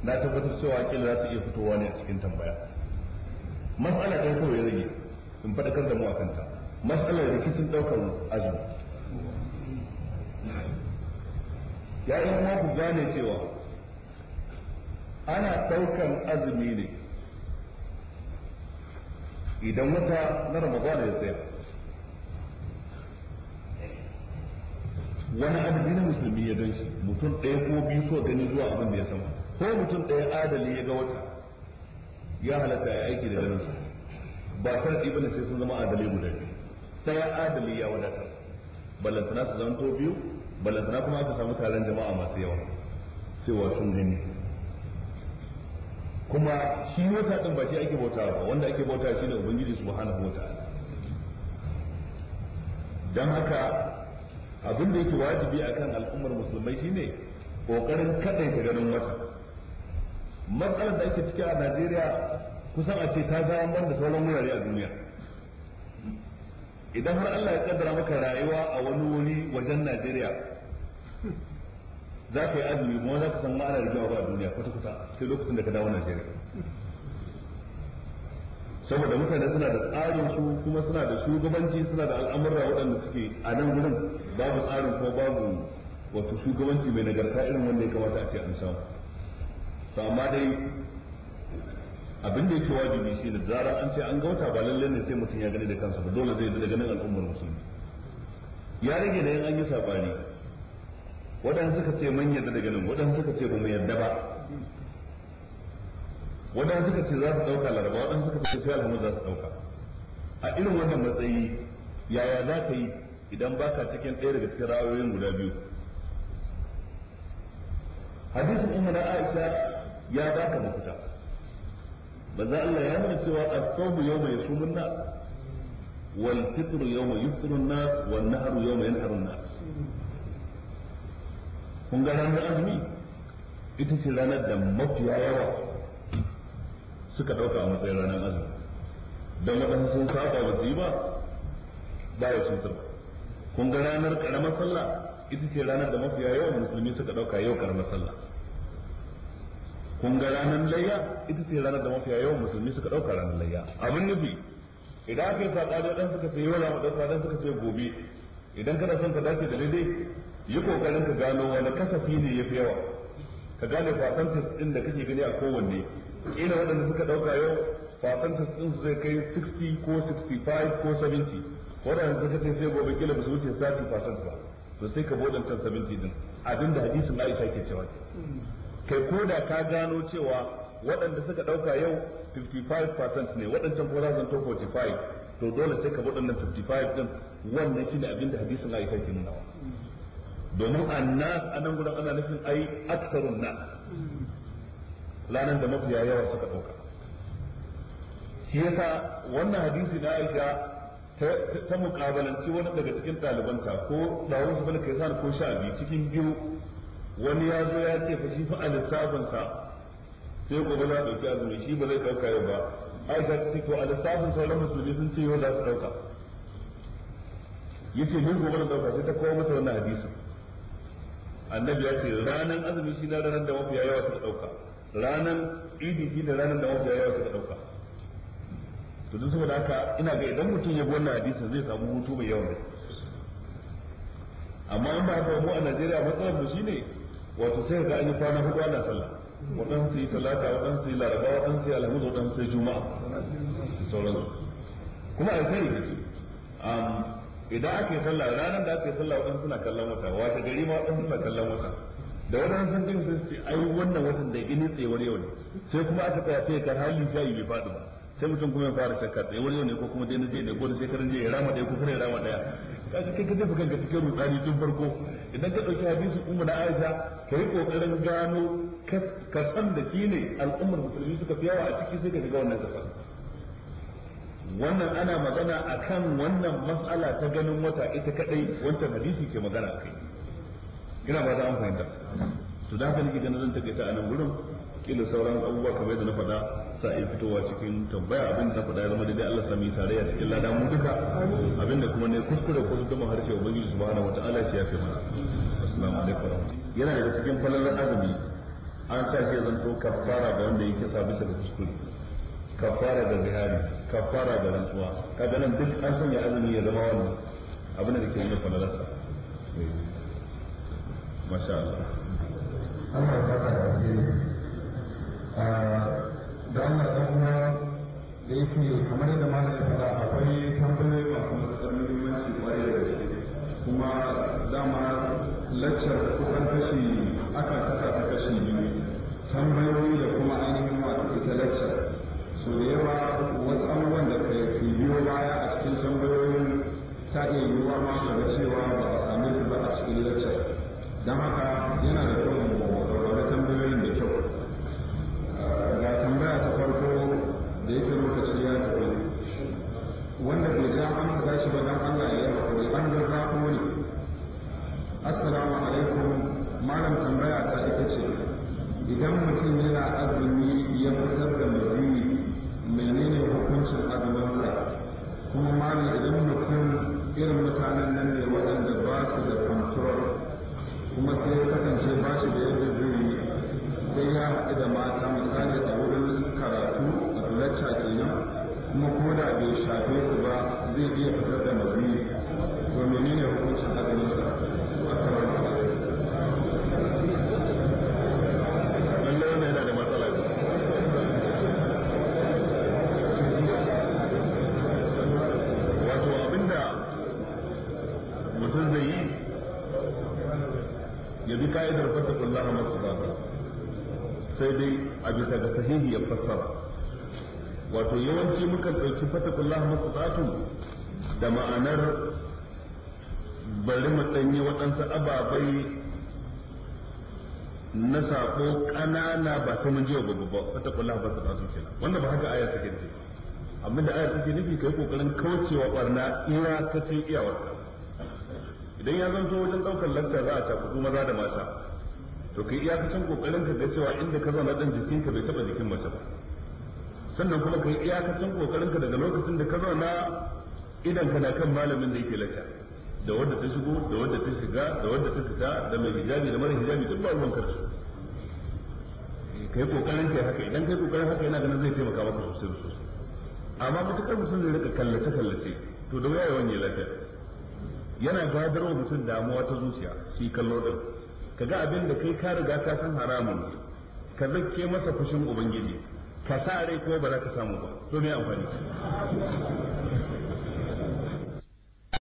na tabbatar cewa kila za su iya fitowa ne a cikin tambaya mas'ala ɗaya kawai ya rage in faɗakar da mu a kanta mas'alar rikicin ɗaukar azumi ya yi kuma ku gane cewa ana ɗaukan azumi ne idan wata na ramadan ya tsaya wani adadi na musulmi ya ganshi mutum ɗaya ko biyu so gani zuwa abin da ya sama ko mutum ɗaya adali ya ga wata ya halatta ya aiki da ganin sa ba ɗi bane sai sun zama adalai guda biyu ɗaya adali ya wadatar ballantana su zanto biyu ballantana kuma aka samu taron jama'a masu yawa cewa sun gani kuma shi wata ɗin ba shi ake bauta ba wanda ake bauta shi ne ubangiji hana bauta. Don haka abin yake wajibi a kan al'ummar musulmai shine kaɗai ta ganin wata matsalar da ake ciki a Najeriya kusan a ce ta zama da sauran wurare a duniya idan har Allah ya kaddara maka rayuwa a wani wuri wajen Najeriya za ka yi azumi kuma za ka san ma'ana rigawa ba a duniya kwata kwata sai lokacin da ka dawo Najeriya saboda mutane suna da tsarin su kuma suna da shugabanci suna da al'amura waɗanda suke a nan wurin babu tsarin ko babu wato shugabanci mai nagarta irin wanda ya kamata a ce an samu to amma dai abin da yake wajibi shi da zara an ce an gauta ba lalle ne sai mutum ya gani da kansa ba dole zai da ganin al'ummar musulmi ya rage da yin an yi sabani waɗansu suka ce man yadda da ganin waɗansu suka ce ba mu yadda ba waɗansu suka ce za su ɗauka laraba waɗansu suka ce sai alhamdu za su ɗauka a irin wannan matsayi yaya za ka yi idan ba ka cikin ɗaya daga cikin ra'ayoyin guda biyu hadisin umma na aisha ya baka mafita manzo Allah ya nuna cewa as-sawmu yawma yasumun nas wal fitru yawma wani nas wan nahru yawma yanharun nas kun ga ranar azumi ita ce ranar da mafiya yawa suka ɗauka a matsayin ranar azumi don waɗansu sun saba ba su yi ba ba ya sun sirba kun ga ranar ƙaramar sallah ita ce ranar da mafiya yawan musulmi suka ɗauka yau ƙaramar sallah kun ga ranar layya ita ce ranar da mafiya yawan musulmi suka ɗauka ranar layya abin nufi idan aka yi saƙa da ɗan suka ce yau za mu ɗauka ɗan suka ce gobe idan kana son ka dace da daidai yi kokarin ka gano wani kasafi ne ya fi yawa ka gane percentage din da kake gani a kowanne kila waɗanda suka ɗauka yau percentage din su zai kai 60 ko 65 ko 70 waɗanda suka ce sai gobe kila ba su wuce 30% fasant ba to sai ka bodan bodantar 70 din abinda hadisin Aisha ke cewa kai ko da ka gano cewa waɗanda suka ɗauka yau 55% ne waɗancan ko za su zanto 45 to dole sai ka bodan nan 55 din wannan shine abin da hadisin Aisha ke nuna domin a nan gudan ana nufin ai aksarun nas lanan da mafiya yawa suka dauka shi yasa wannan hadisi na Aisha ta mukabalanci wani daga cikin ɗalibanta ko ɗawon su balka yasa ko sha biyu cikin biyu wani ya zo ya ce fa shi fa a lissafinsa sai gobe za a ɗauki azumi shi ba zai ɗauka yau ba Aisha ta ce to a lissafin sauran musulmi sun ce yau za su ɗauka yace min gobe da ɗauka sai ta kawo masa wannan hadisin annabi ya ce ranan azumi shi na ranar da mafiya yawa suka dauka ranan idi shi da ranar da mafiya yawa suka dauka to duk saboda haka ina ga idan mutum ya bi wannan hadisin zai samu hutu mai yawa amma in ba haka mu a Najeriya matsalar mu shine wato sai ga an yi kwana hudu ana sallah waɗansu yi talata waɗansu yi laraba waɗansu yi alhamis waɗansu yi juma'a sauransu kuma a sai. idan ake sallah ranar da ake sallah wadanda suna kallon wata wata gari ma wadanda suna kallon wata da wadanda sun gani sun ce ai wannan watan da ini tsayuwar yau ne sai kuma aka tsaya sai kar halin shayi bai faɗi ba sai mutum kuma ya fara shakka tsayuwar yau ne ko kuma daina jiya ne ko da shekaran jiya ya rama ɗaya ko kuma ya rama ɗaya kashi kai ka jefa kanka cikin rudani tun farko idan ka ɗauki hadisi umma na aisha ka yi ƙoƙarin gano san da shi ne al'ummar musulmi suka fi yawa a ciki sai ka shiga wannan kasar wannan ana magana a kan wannan matsala ta ganin wata ita kadai wancan hadisi ke magana kai ina ba za a fahimta su da haka nake ganin zan take ta anan gurin kila sauran abubuwa kamar yadda na faɗa sa in fitowa cikin tambaya abin da faɗa ya zama daidai Allah sami tarayya cikin lada mu duka abin da kuma ne kuskure ko zuma harshe ubangiji subhanahu wataala shi ya fi mana assalamu alaikum yana daga cikin falalar azumi an sa shi zanto kafara ga wanda yake sa bisa da kuskure kafara da zihari kafara da rantsuwa kaga nan duk an sanya azumi ya zama wannan abin da ke nuna falalarsa masha Allah Allah ya fara da ah, da Allah dan kuma da yake kamar yadda da ya faɗa akwai tambayoyi masu tsarin muhimmanci kwarai da shi. kuma dama laccar kusan kashi aka kasa ta kashi biyu tambayoyi da kuma ainihin wata ita laccar so da yawa wasu abubuwan da ka yi biyo baya a cikin tambayoyin ta iya yiwuwa ma ga cewa ba a same su ba a cikin lecture don haka yana da kyau mu saurari tambayoyin ake nufi kai kokarin kaucewa barna iya ta ce wata idan ya zanto wajen daukar lakta za a tafi maza da mata to kai iya kacin kokarin ka ga cewa inda ka zauna dan jikin ka bai taba jikin mace ba sannan kuma kai iya kacin kokarin ka daga lokacin da ka zauna idan kana kan malamin da yake lakta da wadda ta shigo da wadda ta shiga da wadda ta fita da mai hijabi da mara hijabi duk ba ruwan karsu eh, kai kokarin kai haka idan kai kokarin haka yana ganin zai taimaka maka sosai sosai amma mutukar mutum zai rika kallace kallace to da waya wani lafiya yana gadar wa mutum damuwa ta zuciya shi kallo din kaga abin da kai ka riga ka san haramun ka zakke masa fushin ubangiji ka sa rai ko ba za ka samu ba to me amfani